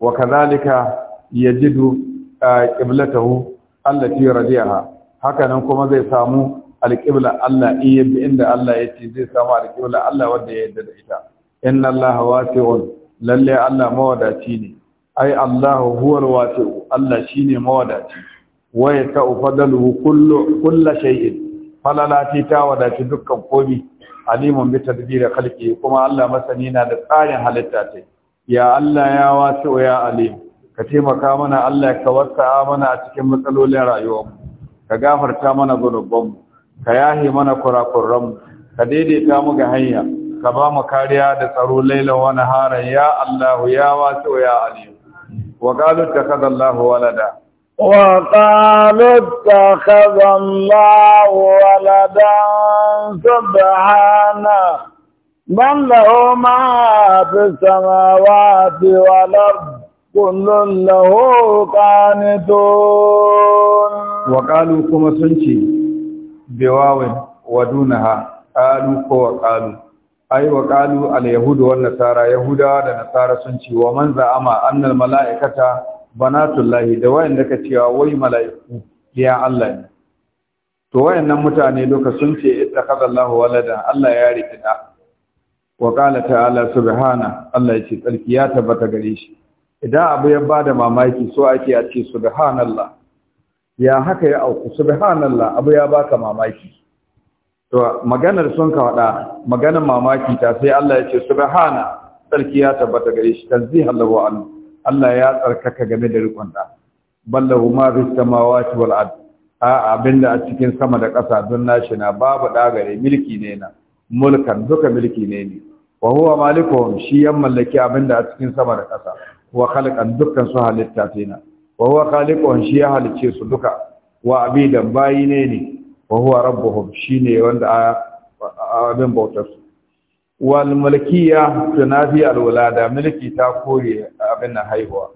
wa ya yajidu qiblatahu allati radiyaha haka nan kuma zai samu alqibla Allah bi inda Allah ya ci zai samu alqibla Allah wanda ya yarda da ita inna Allah wasi'un lalle Allah mawadaci ne ai Allah huwa wasi'u Allah shine mawadaci wa yata'u fadaluhu kullu kullu shay'in falalati ta wadaci dukkan komi alimun bi tadbiri khalqi kuma Allah masani na da tsarin halitta ya Allah ya wasi'u ya alim ka taimaka mana Allah ka wasa mana a cikin matsalolin rayuwar mu. ka gafarta mana zunubanmu ka yahe mana kurakuranmu ka daidaita mu ga hanya ka ba mu kariya da tsaro lailan wani naharan ya Allah ya wasu ya aliyu wa ta kaza Allah walada وقالوا اتخذ الله ولدا سبحانه بل له ما في السماوات والأرض kullullahu qanitun wa qalu kuma sun ce wa wadunaha qalu ko wa qalu ai wa qalu al yahudu nasara yahuda da nasara sun ce wa man za ama annal malaikata banatullahi da wayan da cewa wai malaiku ya Allah ne to wayannan mutane duka sun ce ittakhadallahu walada Allah ya rike da wa qala ta'ala subhana Allah ya ce tsarki ya tabbata gare shi idan abu ya bada mamaki so ake a ce subhanallah ya haka ya auku subhanallah abu ya baka mamaki to maganar sun ka faɗa maganar mamaki ta sai Allah ya ce subhana sarki ya tabbata gare shi tanzihan lahu an Allah ya tsarkaka game da rikon da ballahu ma fi samawati wal ard a abinda a cikin sama da ƙasa don nashi na babu da milki ne na mulkan duka milki ne ne wa huwa malikuhum shi yan mallaki abinda a cikin sama da ƙasa wa khalaqan dukkan su halitta tina wa huwa khaliqun shi ya halice su duka wa abidan bayi ne ne wa huwa rabbuhum shine wanda abin bautar su wal mulkiya tunafi al walada mulki ta kore abin na haihuwa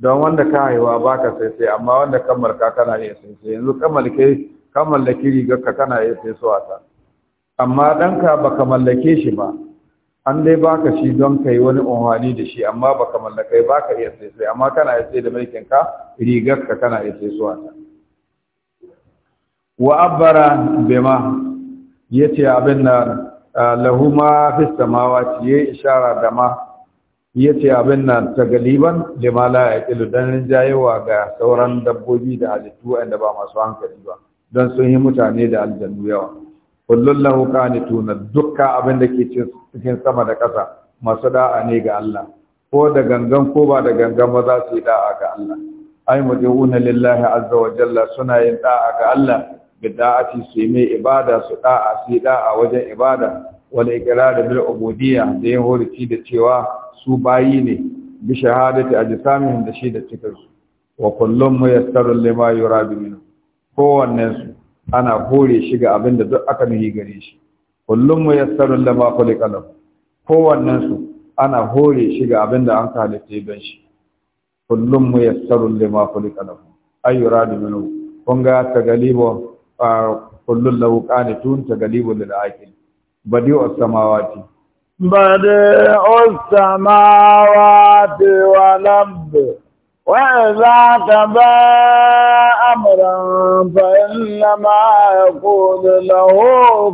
don wanda ka haihuwa baka sai sai amma wanda ka marka kana iya sai sai yanzu ka malke ka mallaki rigar ka kana iya sai suwa ta amma ɗanka baka mallake shi ba an dai baka shi don ka yi wani umarni da shi amma baka mallakai baka iya sai amma kana iya sai da mulkin ka rigar ka kana iya sai suwa ta wa abbara bima yace abin na lahu ma fi samawati yayi ishara da ma yace abin nan tagaliban lima la yaqilu don rinjayewa ga sauran dabbobi da halittu wanda ba masu hankali ba don sun yi mutane da aljannu yawa kullun lahu qanituna dukka abin da ke cikin sama da ƙasa masu da'a ne ga Allah ko da gangan ko ba da gangan ba za su yi da'a ga Allah ai mudiuna lillahi azza wa jalla suna yin da'a ga Allah bi da'ati su mai ibada su da'a su yi da'a wajen ibada wal iqrar bil ubudiyya da yin horici da cewa su bayi ne bi shahadati ajsamihim da shi da cikin wa kullum muyassarun lima yura minhu su ana hore shi ga abin da duk aka nuhi gare shi kullum mu yassaru lama khuliqa lahu kowannen su ana hore shi ga abin da an halitta don shi kullum mu yassaru lama khuliqa ayu radu minhu kun ga galibo kullu lahu qanitun galibo lil aqil badi'us samawati badi'us samawati wal ardi وإذا قضى أمرا فإنما يقول له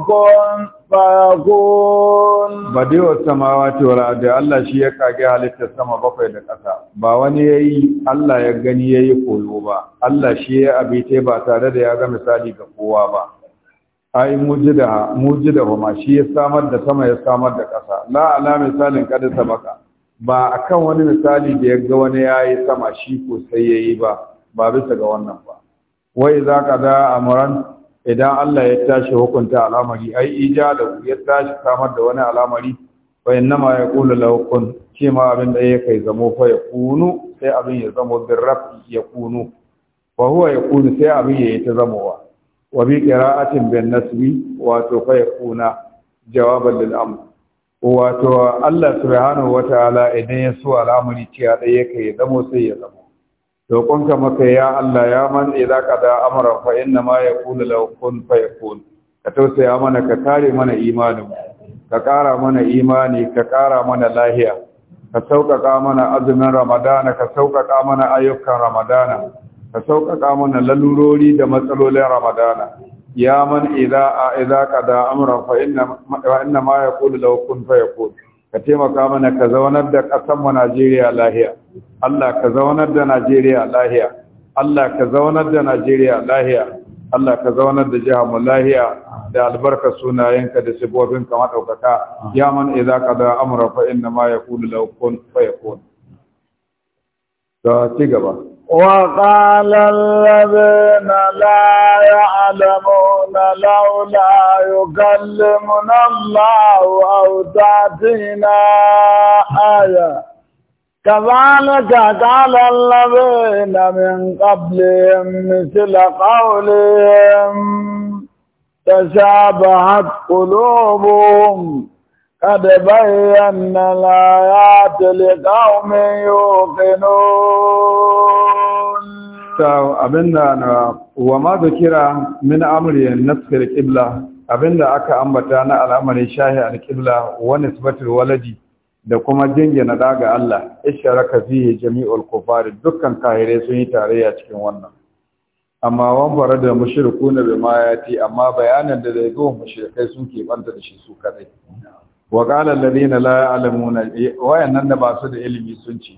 كن فيكون بديع السماوات والأرض الله ya kage halitta sama bakwai da ƙasa ba wani yayi Allah ya gani yayi koyo ba Allah shi ya abite ba tare da ya ga misali ga kowa ba ai mujida mujida ma shi ya samar da sama ya samar da ƙasa la ala misalin kada sabaka ba a kan wani misali da ya ga wani ya yi sama shi ko sai ya yi ba ba bisa ga wannan ba wai za ka da amuran idan Allah ya tashi hukunta al'amari ai ija da ya tashi samar da wani al'amari bai nama ya kula lahukun ce ma abin da ya kai zamo fa ya kunu sai abin ya zamo bin ya kunu wa huwa ya kunu sai abin ya yi ta zamowa wa bi qira'atin bin nasbi wato fa ya kuna jawaban lil amr wato Allah subhanahu wataala idan ya so al'amari ciya ɗaya yake ya zamo sai ya zamo roƙonka maka ya Allah ya man idza qada amara fa inna ma yaqulu law kun yakun ka tausaya mana ka kare mana imanin ka kara mana imani ka ƙara mana lahiya ka sauƙaƙa mana azumin ramadana ka sauƙaƙa mana ayyukan ramadana ka sauƙaƙa mana lalurori da matsalolin ramadana ya man idza a qada amran fa inna wa inna ma yaqulu law kun fa yaqul ka taimaka mana ka zaunar da ƙasar mu Najeriya lahiya Allah ka zaunar da Najeriya lahiya Allah ka zaunar da Najeriya lahiya Allah ka zaunar da jihar mu lahiya da albarka sunayenka da sibobin ka madaukaka ya man idza qada amran fa inna ma yaqulu law kun fa yaqul ta ci gaba وقال الذين لا يعلمون لولا يكلمنا الله أو تأتينا آية كذلك قال الذين من قبلهم مثل قولهم تشابهت قلوبهم قد da الآيات لقوم يوقنون أبنا وما ذكر من أمر abinda aka ambata na al'amarin shahi a qibla wani nisbatul waladi da kuma jingina da ga Allah isharaka fihi jami'ul kufari dukkan kahirai sun yi a cikin wannan amma wan fara da mushrikuna bima yati amma bayanan da zai go mushrikai sun ke banta da shi su kaɗai. wa qala alladhina la ya'lamuna wayannan da ba da ilimi sun ce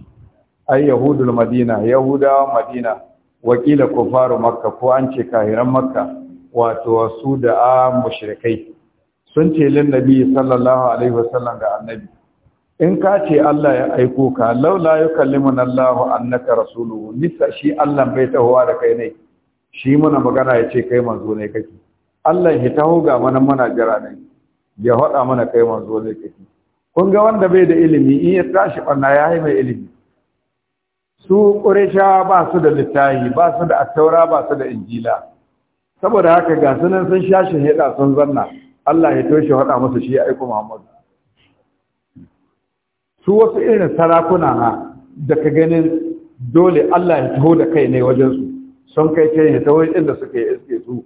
ai yahudul madina yahuda madina wakila kufaru makka ko an ce kahiran makka wato su da a mushrikai sun ce lin nabi sallallahu alaihi wasallam ga annabi in ka ce Allah ya aiko ka laula yukallimuna Allahu annaka rasuluhu nisa shi Allah bai tahowa da kai ne shi muna magana ya ce kai manzo ne kake Allah ya taho ga mana muna jira ne ya faɗa mana kai manzo zai kafi kun ga wanda bai da ilimi in ya tashi ɓanna ya yi mai ilimi su ƙurisha ba su da littahi ba su da attaura ba su da injila saboda haka ga sunan sun sha shi haɗa sun zanna Allah ya toshe faɗa musu shi ya aiko Muhammad su wasu irin sarakuna na da ganin dole Allah ya taho da kai ne wajen su sun kai ce ya taho inda suka yi iske su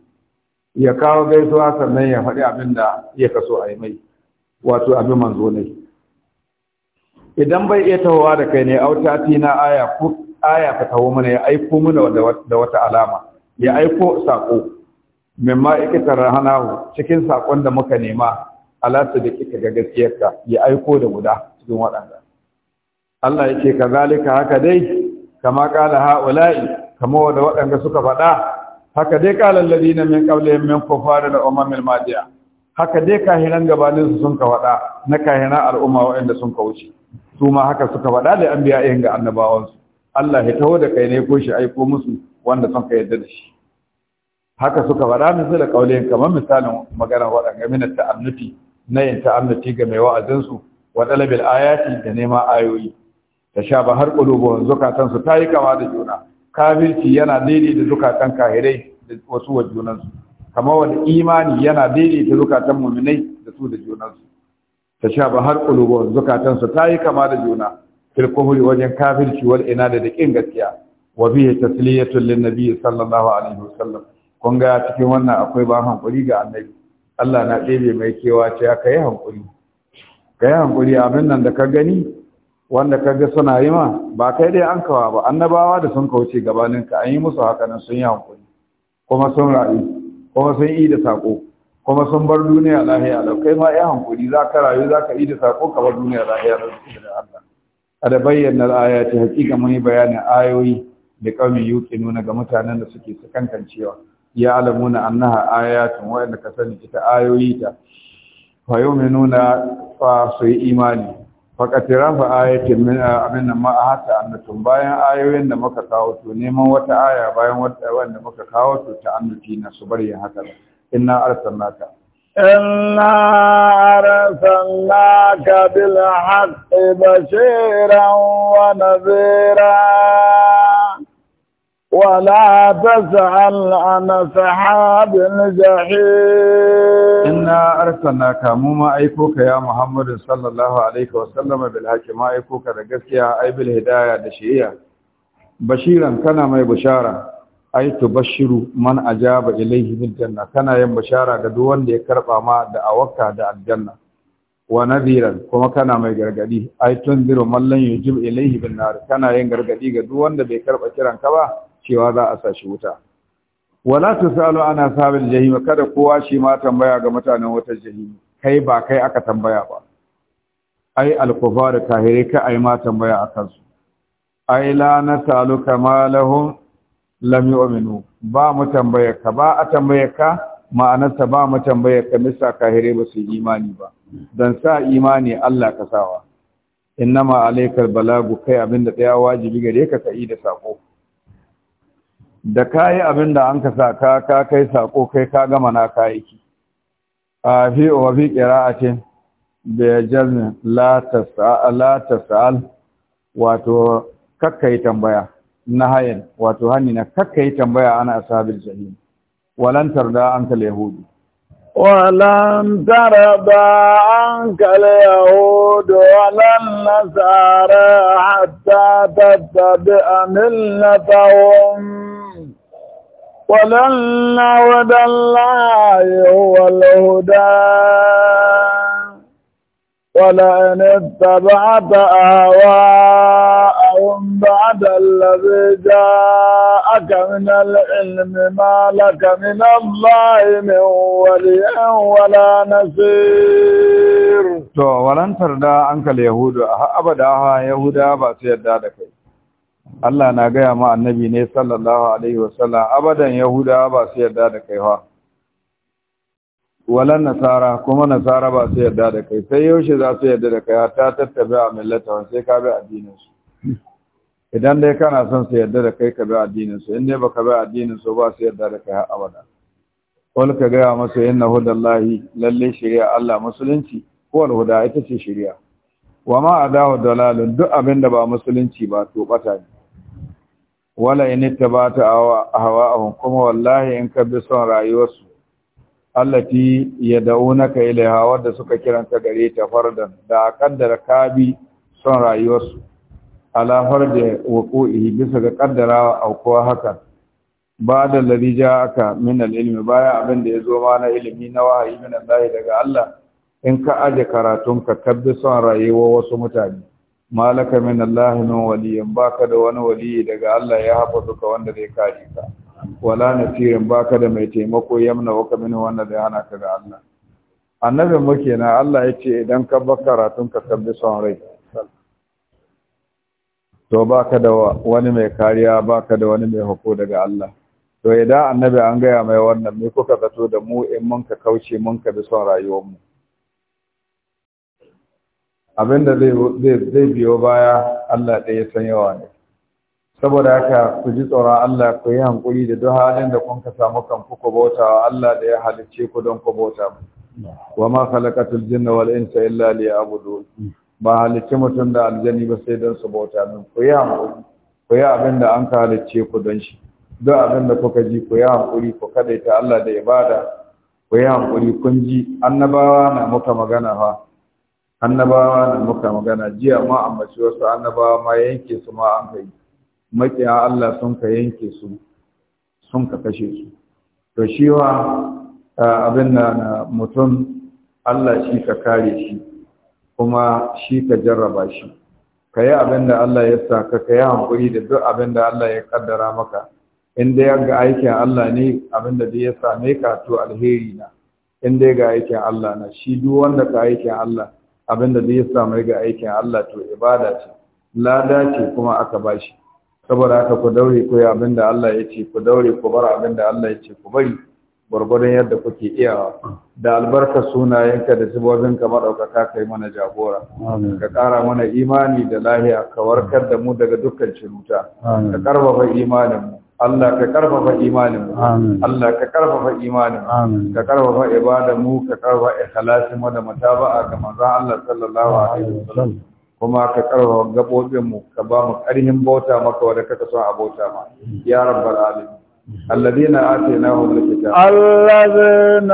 ya kawo gaisuwa sannan ya faɗi abin da ya kaso a yi mai wato abin manzo ne idan bai iya tahowa da kai ne auta na aya ko aya ka taho mana ya aiko mana da wata alama ya aiko sako mimma ikitar rahanahu cikin sakon da muka nema alasa da kika ga gaskiyarka ya aiko da guda cikin waɗanda Allah yake kazalika haka dai kama kala ha'ula'i kama wanda waɗanda suka faɗa haka dai qala na min qablihim min kufar da umamil madiya haka dai kahiran gabanin su sun ka wada na kahira al'umma wanda sun ka wuce su ma haka suka wada da ayin ga annabawansu Allah ya taho da kai ne ko shi aiko musu wanda sun ka yarda da shi haka suka faɗa musu da kauliyin kamar misalin magana waɗanda min ta'annuti na yin ta'annuti ga mai wa'azinsu wa talabil ayati da nema ayoyi ta sha ba har qulubuhum zukatan su tayi kama da juna kafirci yana daidai da zukatan kahirai da wasu wa junansu kamar wani imani yana daidai da zukatan muminai da su da junansu ta sha ba har ƙulubon zukatansu ta yi kama da juna fil wajen kafirci wal ina da dakin gaskiya wa bi tasliyatu lin nabi sallallahu alaihi wasallam kun ga cikin wannan akwai ba hankuri ga annabi Allah na ɗebe mai kewa ce ya kai hankuri kai hankuri abin nan da ka gani wanda ga suna yi ma ba kai dai an kawa ba annabawa da sun kauce gabanin ka an yi musu haka nan sun yi hankali kuma sun rayu kuma sun yi da sako kuma sun bar duniya lahiya da kai ma ya hankali za ka rayu za ka yi da sako ka bar duniya lahiya lau da Allah a da bayyana ayati hakika mun yi bayanin ayoyi da kaumin nuna ga mutanen da suke kankancewa. ya alamuna annaha ayatun wa'anda ka sani ita ayoyi ta fa yu'minuna fa su yi imani faƙatira fa ayatin min abin nan ma hata annatun bayan ayoyin da muka kawo to neman wata aya bayan wata wanda muka kawo to ta annuti na su bari haka inna arsalnaka inna arsalnaka bil haqqi bashiran wa nadhira ولا تسأل عن صحاب الجحيم إنا أرسلناك موما أيكوك يا محمد صلى الله عليه وسلم بالحكم ما أيكوك رجسيا أي بالهداية دشيئة بشيرا كان ما بشارة أي تبشر من أجاب إليه من جنة كان يم بشارة دوان يكرب ما دعوك دع الجنة ونذيرا كما كان ما يغرغدي أي تنذر من لن يجب إليه بالنار كان يغرغدي دوان بيكرب أشيرا كبا cewa za a sa wuta wala tusalu ana sabil jahim kada kowa shi ma tambaya ga mutanen wata jahim kai ba kai aka tambaya ba ai al-kufar kahire ka ai ma tambaya akan su ai la na kama lahum lam yu'minu ba mu tambaya ka ba a tambaya ka ma'anarta ba mu tambaya ka misa kahire ba su imani ba dan sa imani Allah ka sawa innama alaikal balagu kai abinda daya wajibi gare ka sai da sako da ka yi abin da an ka sa ka ka kai sako kai ka gama na ka yi ki. a fi wa fi qira'atin bi jazm la ta la tas'al wato yi tambaya na hayan wato hannu na yi tambaya ana da an kala tarda anka yahudi ولن ترضى عنك اليهود ولا النصارى حتى تتبع ملتهم وَلَنَّ هُدَى اللَّهِ هُوَ الْهُدَى ولئن اتبعت أهواءهم بعد الذي جاءك من العلم ما لك من الله من ولي ولا نصير to walantar da anka yahudu abada ha yahuda ba Allah na gaya ma annabi ne sallallahu alaihi wasallam abadan yahudawa ba su yarda da kai walan nasara kuma nasara ba su yarda da kai sai yaushe za su yarda da kai ta tattabi a millata sai ka bi addinin su idan dai kana son su yarda da kai ka bi addinin su in dai baka bi addinin su ba su yarda da kai har abada ka gaya masa inna hudallahi lalle shari'a Allah musulunci ko huda ita ce shari'a wa ma adahu dalalun duk abinda ba musulunci ba to bata ne wala in tabata hawa'ahum kuma wallahi in ka bi son rayuwarsu allati yad'unaka ilaiha wadda suka kiranta gare ta fardan da kaddara ka bi son rayuwarsu ala farda wuqu'i bisa ga kaddarawa aukuwa hakan ba da ladija aka min ilmi baya abin da ya zo ma na ilimi na wahayi min Allah daga Allah in ka aje karatun ka kabbi son rayuwar wasu mutane malaka min Allah min waliyin baka da wani wali daga Allah ya hafazu ka wanda zai kare ka wala nasirin baka da mai taimako yamna waka min wanda zai hana ka ga Allah annabi mu kenan Allah ya ce idan ka bar karatun ka kalli son rai to baka da wani mai kariya baka da wani mai hako daga Allah to idan annabi an gaya mai wannan me kuka zato da mu in mun ka kauce mun ka bi son rayuwar mu abinda zai biyo baya Allah ɗaya ya san yawa ne saboda haka ku ji tsoron Allah ku yi hankuri da duk halin da kun ka samu kanku ku bauta wa Allah da ya halicce ku don ku bauta mu wa ma khalaqatul jinna wal insa illa liya'budun ba halicce mutum da aljani ba sai don su bauta min ku yi hankuri ku yi abin da an ka halicce ku don shi duk abin da kuka ji ku yi hankuri ku kadaita Allah da ibada ku yi hankuri kun ji annabawa na muka magana fa annabawa na muka magana jiya ma ambaci wasu annabawa ma yanke su ma an kai makiya Allah sun ka yanke su sun ka kashe su to shi wa abin da mutum Allah shi ka kare shi kuma shi ka jarraba shi ka yi abin da Allah ya sa ka ka yi hankuri da duk abin da Allah ya kaddara maka in dai ga aikin Allah ne abin da ya same ka to alheri na in dai ga aikin Allah na shi duk wanda ka aikin Allah abin da zai samu ga aikin Allah to ibada ce lada ce kuma aka bashi saboda haka ku daure ku yi abin da Allah ya ce ku daure ku bar abin da Allah ya ce ku bari gwargwadon yadda kuke iyawa da albarka sunayenka da ka maɗaukaka yi mana jagora ka ƙara mana imani da lahiya ka warkar da mu daga dukkan ciruta ka ƙarfafa mu. Allah ka karfafa imanin Allah ka karfafa imanin ka karfafa ibada mu ka karfafa ikhlasin mu da mutaba'a ga manzo Allah sallallahu alaihi wasallam kuma ka karfafa gabobin mu ka ba mu karhin bauta maka wanda kaka so a bauta ma ya rabbal alamin الذين آتيناهم الكتاب الذين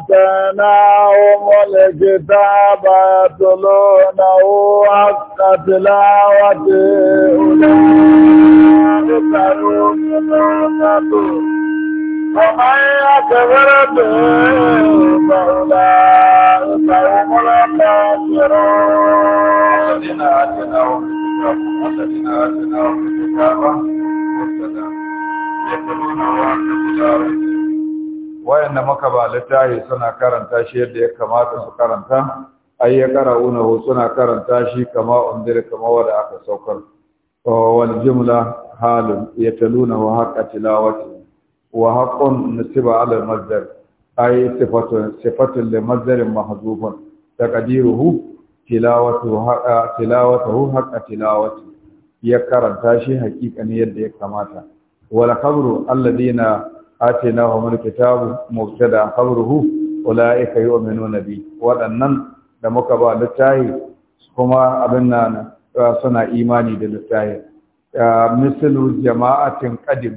آتيناهم الكتاب يتلونه حق تلاوته أولئك يؤمنون ومن يكفر به فأولئك هم الكافرون الذين آتيناهم الكتاب الذين آتيناهم الكتاب wayanda maka ba littafi suna karanta shi yadda ya kamata su karanta ai ya karauna suna karanta shi kama undira kama wanda aka saukar wal jumla halun yataluna wa haqqa tilawati wa haqqun nasiba ala al-masdar ai sifatu sifatu li masdarin mahzufun taqdiruhu tilawatu haqqa tilawatu haqqa tilawati ya karanta shi hakika ne yadda ya kamata wala kabru alladina atainahum kitabu mubtada khabruhu ulaika yu'minuna bi wadannan da muka ba littahi kuma abin nan uh, suna imani da littahi uh, misalu jama'atin qadim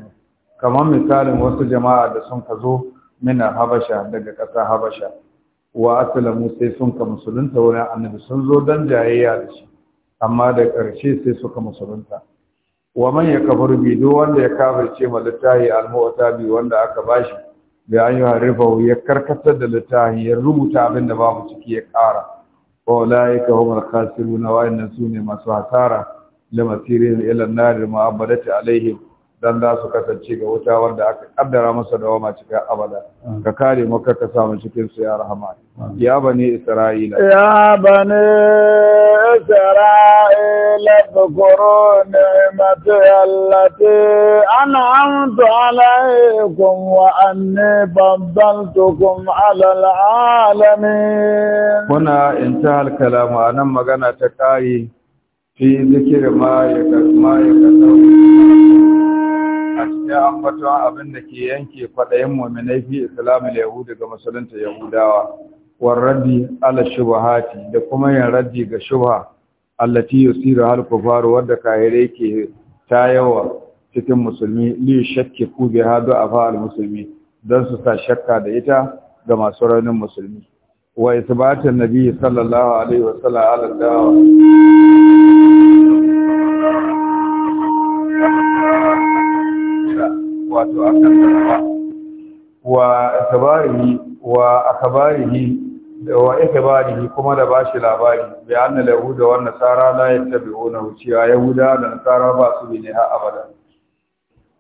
kamar misalin wasu jama'a da sun ka zo mina habasha daga ƙasa habasha wa asalamu sai sun ka musulunta wurin annabi sun zo dan jayayya da shi amma da ƙarshe sai suka musulunta wa man yakfur bi do wanda ya kafirce ma littafi al-mu'tabi wanda aka bashi bi an yuharifahu ya karkatar da littahi ya rubuta abin da babu ciki ya ƙara wa ulaika humul khasiruna wa inna sunna masu hasara lamasirin ila an-nar ma'abadati alaihim dan za su kasance ga wuta wanda aka kaddara masa da wama cikin abada ka kare mu ka samu cikin su ya rahman ya bani isra'ila ya bani isra'ila fukuru ni'matu allati an'amtu alaykum wa anni faddaltukum ala alamin kuna intal kalamu anan magana ta kare fi zikir ma ya kasma ya kasau a cikin ambaton abin da ke yanke kwaɗayin muminai fi islamu da yahudu ga musulunta yahudawa war raddi ala shubahati da kuma yin raddi ga shubha allati yusiru hal kufaru wadda kahire ke tayawa cikin musulmi li shakki ku bi hadu afal musulmi dan su sa shakka da ita ga masu raunin musulmi wa isbatan nabi sallallahu alaihi wasallam ala dawa wato akan wa tabarihi wa akbarihi wa kuma da bashi labari bi anna yahuda wa nasara la yattabi'una wuciya yahuda da nasara ba su bi ne ha abada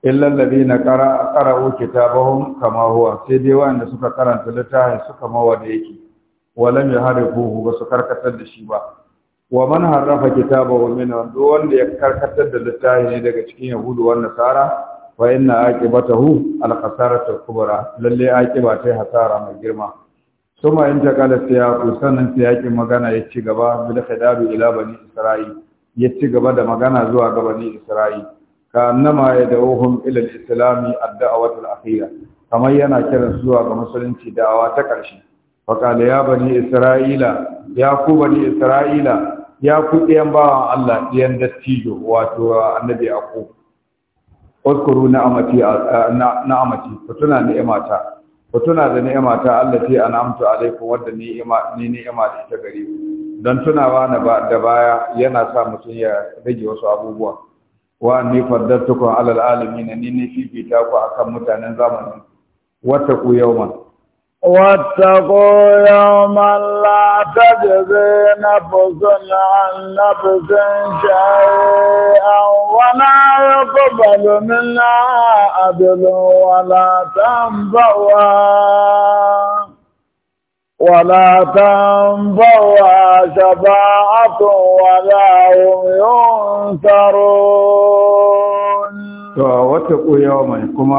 illa alladhina qara'u kitabahum kama huwa sai dai wanda suka karanta littafin suka mawa da yake walam yaharifuhu ba su karkatar da shi ba wa man harrafa kitabahu min wanda ya karkatar da littafin daga cikin yahudu wa nasara wa inna aqibatahu al khasarat al-kubra lalle aqiba ta hasara mai girma kuma in ta kala sanan sannan ki magana ya ci gaba bil khidabi ila bani isra'il ya ci gaba da magana zuwa ga bani isra'il ka annama ya dawhum ila al-islami ad dawat al-akhira kamar yana kiran zuwa ga musulunci da'awa ta karshe fa kala ya bani isra'ila ya ku bani isra'ila ya ku ɗiyan bawan Allah ɗiyan dattijo wato annabi aqub uskuru na'amati na'amati ni'imata ku tuna da ni'imata allati a alaikum wadda ni'ima ni ni'ima da ita gare ku tunawa na da baya yana sa mutum ya rage wasu abubuwa wa ni faddatukum alal alamin ni ni fifita ku akan mutanen zamanin wata ku ma. Wata koya nwatagoyamaladadobere nabụzo na Towa wata naarabụbalụnina aha adụluwanadamba wnwanadaba w zaba agụwale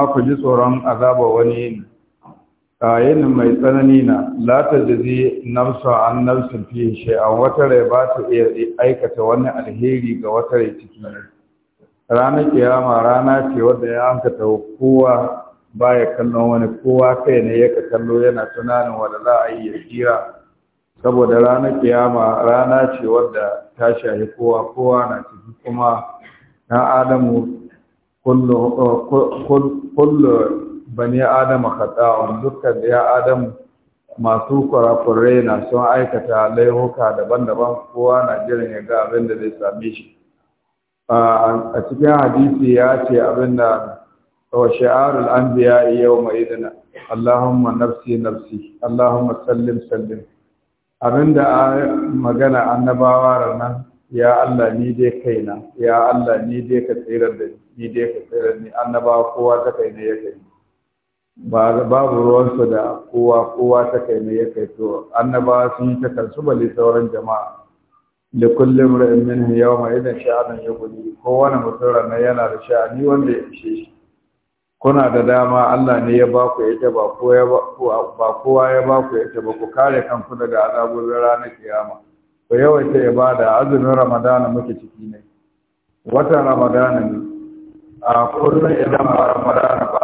awụụzarụ g yin mai tsanani na la ta jazi nafsa an nafsa fiye shi wata rai ba ta iya aikata wani alheri ga wata rai ranar kiyama rana ce wadda ya hankata kowa baya kallo wani kowa kai ne ya kallo yana tunanin wanda za a yi ya jira saboda ranar kiyama rana ce wadda ta shahi kowa kowa na ciki kuma na adamu kullu bani adama khata'un dukkan da ya adam masu kurakurai na sun aikata laihuka daban-daban kowa na jiran ya ga abin da zai same shi a cikin hadisi ya ce abin da wa shi'arul anbiya yawma idina Allahumma nafsi nafsi Allahumma sallim sallim Abin abinda magana annabawa ranan ya Allah ni dai kaina ya Allah ni dai ka tsirar da ni dai ka tsirar ni annabawa kowa ta kaina ya kai babu ruwansu da kowa kowa ta kai mai ya kai to annabawa sun ta kansu bali sauran jama'a da kullum ra'in minhu yau mai idan sha'anin ya guji. kowane mutum ranar yana da sha'ani wanda ya fushe shi kuna da dama Allah ne ya baku ita ba kowa ya baku ita ba ku kare kanku daga azabobin ranar kiyama ku yawaita ibada azumin ramadana muke ciki ne watan ramadana ne a kullum idan ba ramadana ba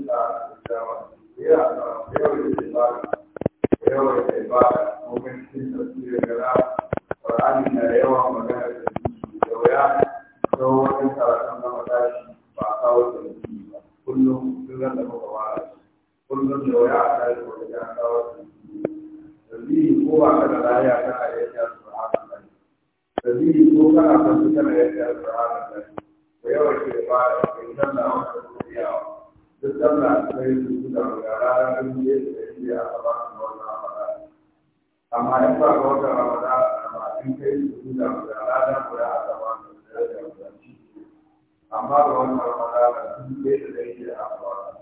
azaba sai da zai yi azaba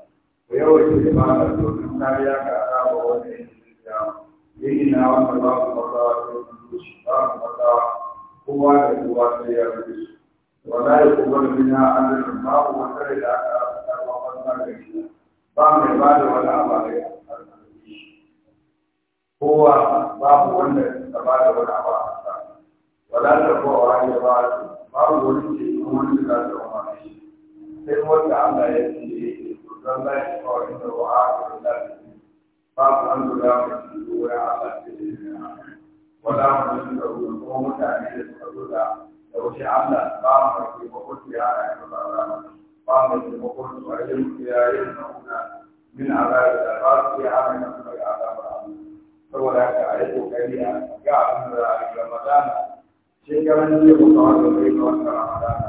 ba da domin kariya ga yi na kowa kowa ya shi ba mai ba wani abara ya kowa babu wanda ya ba wani ba da babu wani wani da sai wanda Allah ya ce don lafi kawai da wa aka da lafi ba ku an lura da su wai Allah ce da yana wala mu da ruwa ko mutane da suka lura da wuce Allah ba mu ke makwabci ya a yi ba ba mu ke makwabci ba yin ya yi nuna min azabi da ba su ya hana kan daga azaba saboda haka a yi kokari a ga abin da za a yi ramadana shekaran jiya ba kawai da kai ga wannan ramadana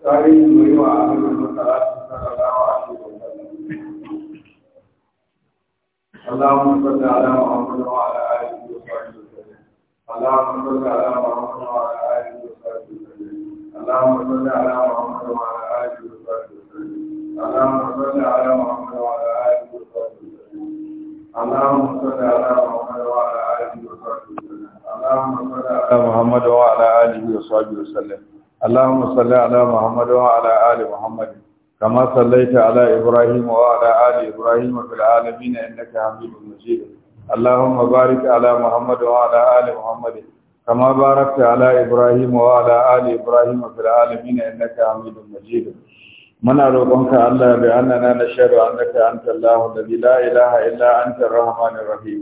tarihin mai wa annabin masara sallallahu alaihi wa sallam Allahumma salli ala Muhammad wa ala alihi wa sahbihi wasallam Allahumma salli ala Muhammad wa ala alihi wa sahbihi wasallam Allahumma salli ala wa Allahumma salli ala wa Allahumma salli ala wa Allahumma salli ala wa اللهم صل على محمد وعلى آل محمد كما صليت على إبراهيم وعلى آل إبراهيم في العالمين إنك حميد مجيد اللهم بارك على محمد وعلى آل محمد كما باركت على إبراهيم وعلى آل إبراهيم في العالمين إنك حميد مجيد من أروقك الله بأننا نشهد أنك أنت الله الذي لا إله إلا أنت الرحمن الرحيم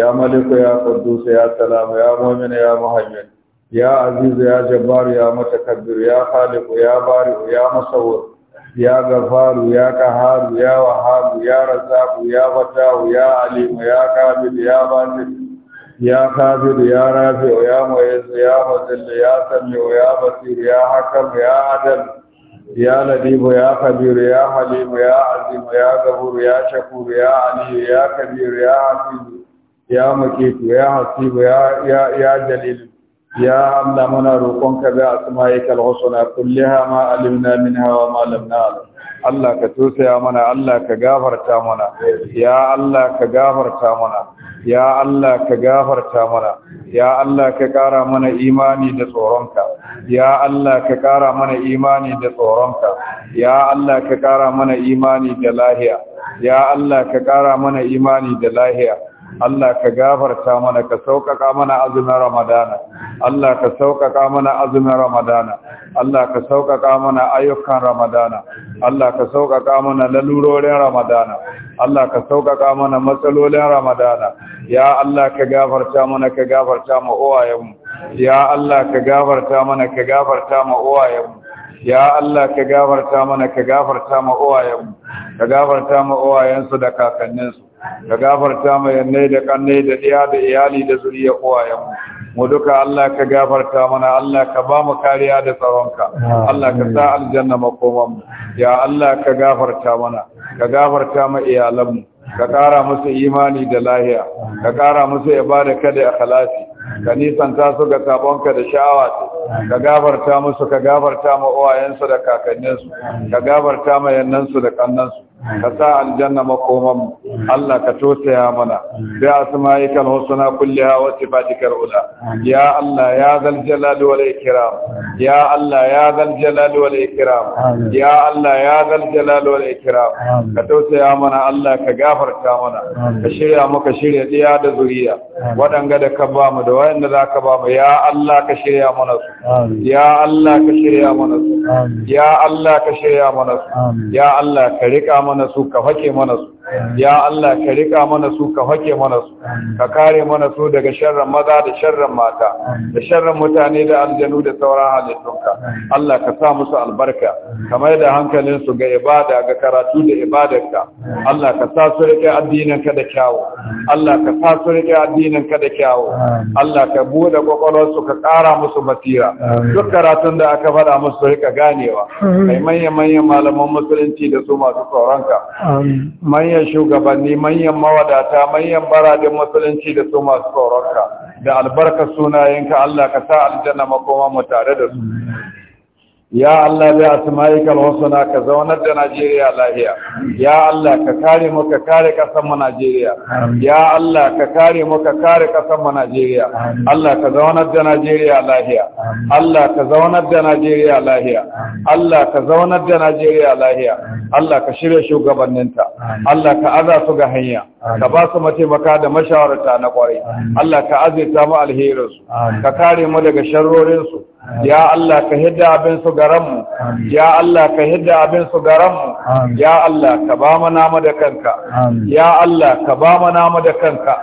يا ملك يا قدوس يا سلام يا مؤمن يا مهيمن يا عزيز يا جبار يا متكبر يا خالق يا بارئ يا مصور يا غفار يا قهار يا وهاب يا رزاق يا فتاح يا عليم يا قابل يا باسط يا قادر يا رافع يا معز يا مذل يا سميع يا بصير يا حكم يا عدل يا لطيف يا خبير يا حليم يا عظيم يا غفور يا شكور يا علي يا كبير يا حفيظ يا مكيت يا حسيب يا يا يا جليل يا الله منا روقك بأسمائك الحسنى كلها ما علمنا منها وما لم نعلم الله كتوسع منا الله كغفرت منا يا الله كغفرت منا يا الله كغفرت منا يا الله كقارا منا إيماني دسورنك يا الله كقارا منا إيماني دسورنك يا الله كقارا منا إيماني دلاهيا يا الله كقارا منا إيماني دلاهيا Allah ka gafarta mana ka sauƙaƙa mana azumin Ramadana Allah ka sauƙaƙa mana azumin Ramadana Allah ka sauƙaƙa mana ayyukan Ramadana Allah ka sauƙaƙa mana lalurorin Ramadana Allah ka sauƙaƙa mana matsalolin Ramadana ya Allah ka gafarta mana ka gafarta ma uwayenmu ya Allah ka gafarta mana ka gafarta ma uwayenmu ya Allah ka gafarta mana ka gafarta ma uwayenmu ka gafarta ma uwayensu da kakanninsu ka gafarta mu yanne da kanne da iya da iyali da zuriya uwayen mu duka Allah ka gafarta mana Allah ka ba mu kariya da tsaronka Allah ka sa aljanna makoman mu ya Allah ka gafarta mana ka gafarta mu iyalan ka kara musu imani da lahiya ka kara musu ibada kada akhlasi ka nisanta su ga sabonka da sha'awa ka gafarta musu ka gafarta ma uwayensu da kakanninsu ka gafarta ma yannansu da kannansu ka sa aljanna makoman Allah ka tosaya mana bi asma'ika al-husna kulliha wa sifatika al-ula ya Allah ya zal jalal wal ikram ya Allah ya zal jalal wal ikram ya Allah ya zal jalal wal ikram ka tosaya mana Allah ka gafarta mana ka shirya maka shirya diya da zuriya wadanga da ka ba mu da wayanda zaka ba mu ya Allah ka shirya mana su ya Allah ka shirya mana su ya Allah ka shirya mana su ya Allah ka rika mana mana su ka fake mana su ya Allah ka rika mana su ka hake mana su ka kare mana su daga sharran maza da sharran mata da sharran mutane da aljanu da sauran halittunka Allah ka sa musu albarka kamar da hankalin su ga ibada ga karatu da ibadarka Allah ka sa su rike addinin ka da kyawu Allah ka sa su rike addinin ka da kyawu Allah ka bude kwakwalwar su ka kara musu basira duk karatun da aka faɗa musu rika ganewa kai manyan manyan malaman musulunci da su masu tsoronka amin manyan shugabanni manyan mawadata manyan baradin musulunci da su masu tsoronka da albarka sunayenka Allah ka sa aljanna makoma mu tare da su ya Allah bi asma'ikal husna ka zaunar da Najeriya lahiya. ya Allah ka kare mu ka kare kasar Najeriya ya Allah ka kare mu ka kare kasar Najeriya Allah ka zaunar da Najeriya lahiya. Allah ka zaunar da Najeriya lahiya. Allah ka zaunar da Najeriya lahiya. Allah ka shirye shugabanninta Allah ka aza su ga hanya ka ba su mataimaka da mashawarta na kwarai Allah ka azirta mu alherin ka kare mu daga sharrorin su ya Allah ka hidda abin su garanmu. ya Allah ka hidda abin su garanmu. ya Allah ka ba mu nama da kanka ya Allah ka ba mu nama da kanka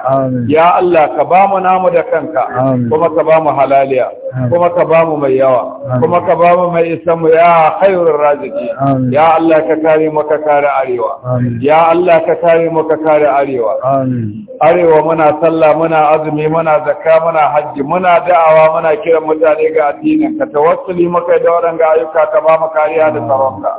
ya Allah ka ba mu nama da kanka kuma ka ba mu halaliya kuma ka ba mu mai yawa kuma ka ba mu mai isa mu ya khairur raziki ya Allah ka kare mu ka kare arewa ya Allah ka kare mu ka kare arewa arewa arewa muna sallah muna azumi muna zakka muna hajji muna da'awa muna kiran mutane ga addinin ka tawassuli maka da waɗanda ayyuka ka ba mu kariya da tsaronka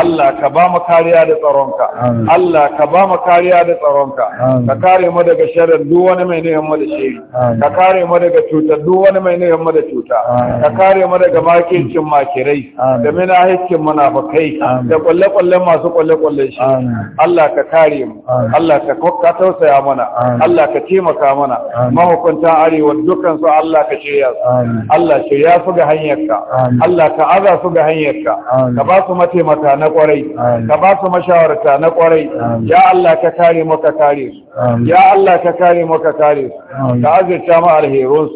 Allah ka ba mu kariya da tsaronka Allah ka ba mu kariya da tsaronka ka kare mu daga sharrin duk wani mai neman mu da shiri ka kare mu daga cutar duk wani mai neman mu da cuta ka kare mu daga makincin makirai da minahicin munafikai da kwalle masu kwalle shi Allah ka kare mu Allah ka ka tausaya mana Allah ka taimaka mana mahukuntan arewa dukkan su Allah ka shirya su Allah shirya su ga hanyarka Allah ka aza su ga hanyarka ka ba su mataimaka na kwarai ka ba su mashawarta na kwarai ya Allah ka kare mu ka kare su ya Allah ka kare mu ka kare su ka azurta mu alherun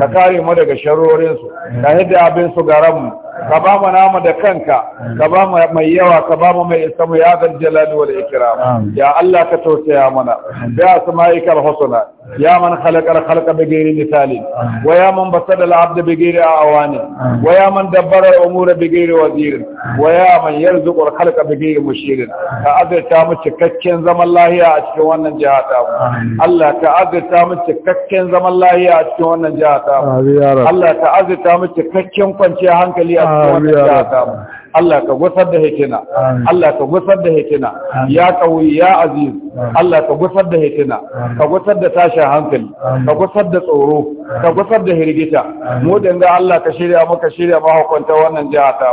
ka kare mu daga sharorin su ka hidda abin su ga mu ka ba mu namu da kanka ka ba mu mai yawa ka ba mu mai isa mu ya zal jalal wal ikram ya Allah ka ta'uce ya mana ya asma'ika al husna ya man khalaqa al khalqa bi ghairi misali wa ya man basada al abda bi ghairi awani wa ya man dabbara al umura bi ghairi wazir wa ya man yarzuqu al khalqa bi ghairi mushir ka azurta mu cikakken zaman lahiya a cikin wannan jiha ta Allah ka azurta mu cikakken zaman lahiya a cikin wannan jiha ta Allah ka azurta mu cikakken kwanciyar hankali a àárí ara Allah ka gusar da hikina Allah ka gusar da hikina ya qawi ya aziz Allah ka gusar da hikina ka gusar da tashin hankali ka gusar da tsoro ka gusar da hirgita mu danga Allah ka shirya maka shirya mahukunta wannan jiha ta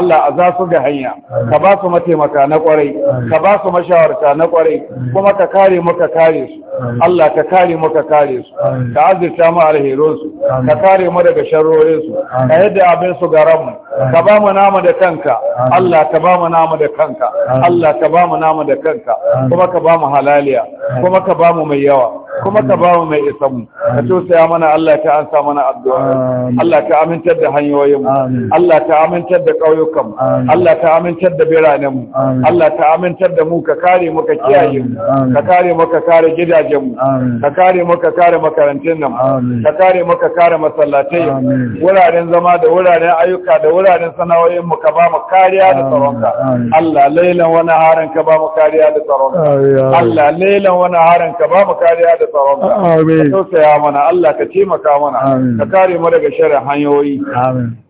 Allah a za su ga hanya ka ba su mataimaka na kwarai ka ba su mashawarta na kwarai kuma ka kare maka kare su Allah ka kare maka kare su ka azirta mu alherinsu su ka kare mu daga sharrorin su ka yadda abin su garan mu ka ba mu nama da kan kanka Allah ka ba mu namu da kanka Allah ka ba mu namu da kanka kuma ka ba mu halaliya kuma ka ba mu mai yawa kuma ka ba mu mai isa mu ka tausaya mana Allah ka ansa mana addu'a Allah ka amintar da hanyoyin mu Allah ka amintar da ƙauyukan mu Allah ka amintar da biranen mu Allah ka amintar da mu ka kare mu ka kiyaye mu ka kare mu ka kare gidajen mu ka kare mu ka kare makarantun nan ka kare mu ka kare masallatai wuraren zama da wuraren ayyuka da wuraren sana'o'in mu ka ba ba mu kariya da tsaronka Allah lailan wani ka ba mu kariya da tsaronka Allah lailan wani ka ba mu kariya da tsaronka ka mana Allah ka taimaka mana ka kare mu daga sharrin hanyoyi amin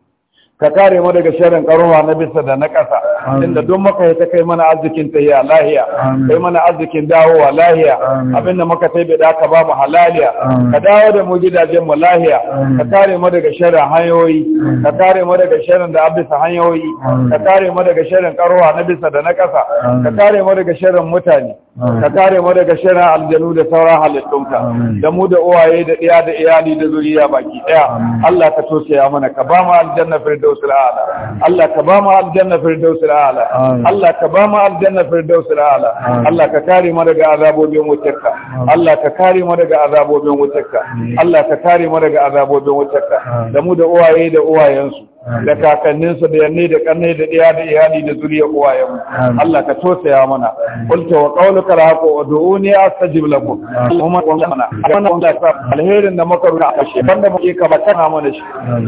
ka kare mu daga sharin karuwa na bisa da na ƙasa inda duk muka yi ta kai mana arzikin tahiya lahiya kai mana arzikin dawowa lahiya abinda muka taibe da ka ba mu halaliya ka dawo da mu gidajen mu lahiya ka kare mu daga sharin hanyoyi ka kare mu daga sharin da abisa hanyoyi ka kare mu daga sharin karuwa na bisa da na ƙasa ka kare mu daga sharin mutane ka kare mu daga sharin aljanu da sauran halittunka da mu da uwaye da iya da iyali da zuriya baki daya Allah ka tosaya mana ka ba mu aljanna firdaus الفردوس الاعلى الله كباما الجنة الفردوس الاعلى الله كباما الجنة الفردوس الاعلى الله ككاري مرق عذابه بيوم وتكا الله ككاري مرق عذابه بيوم وتكا الله ككاري مرق عذابه بيوم وتكا دمو da uwaye da uwayensu da kakanninsu da yanni da kannai da ɗaya da iyali da zuriya mu. Allah ka tosaya mana kulta wa qawluka wa du'uni astajib lakum kuma wannan wannan alherin da muka rubuta a shi banda muke ka bata mana shi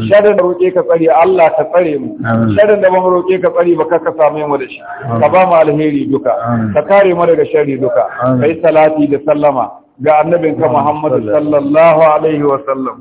sharin da roke ka tsare Allah ka tsare mu sharin da ban roke ka tsare ba ka same mu da shi ka ba mu alheri duka ka kare mu daga sharri duka kai salati da sallama ga annabinka Muhammad sallallahu alaihi wa sallam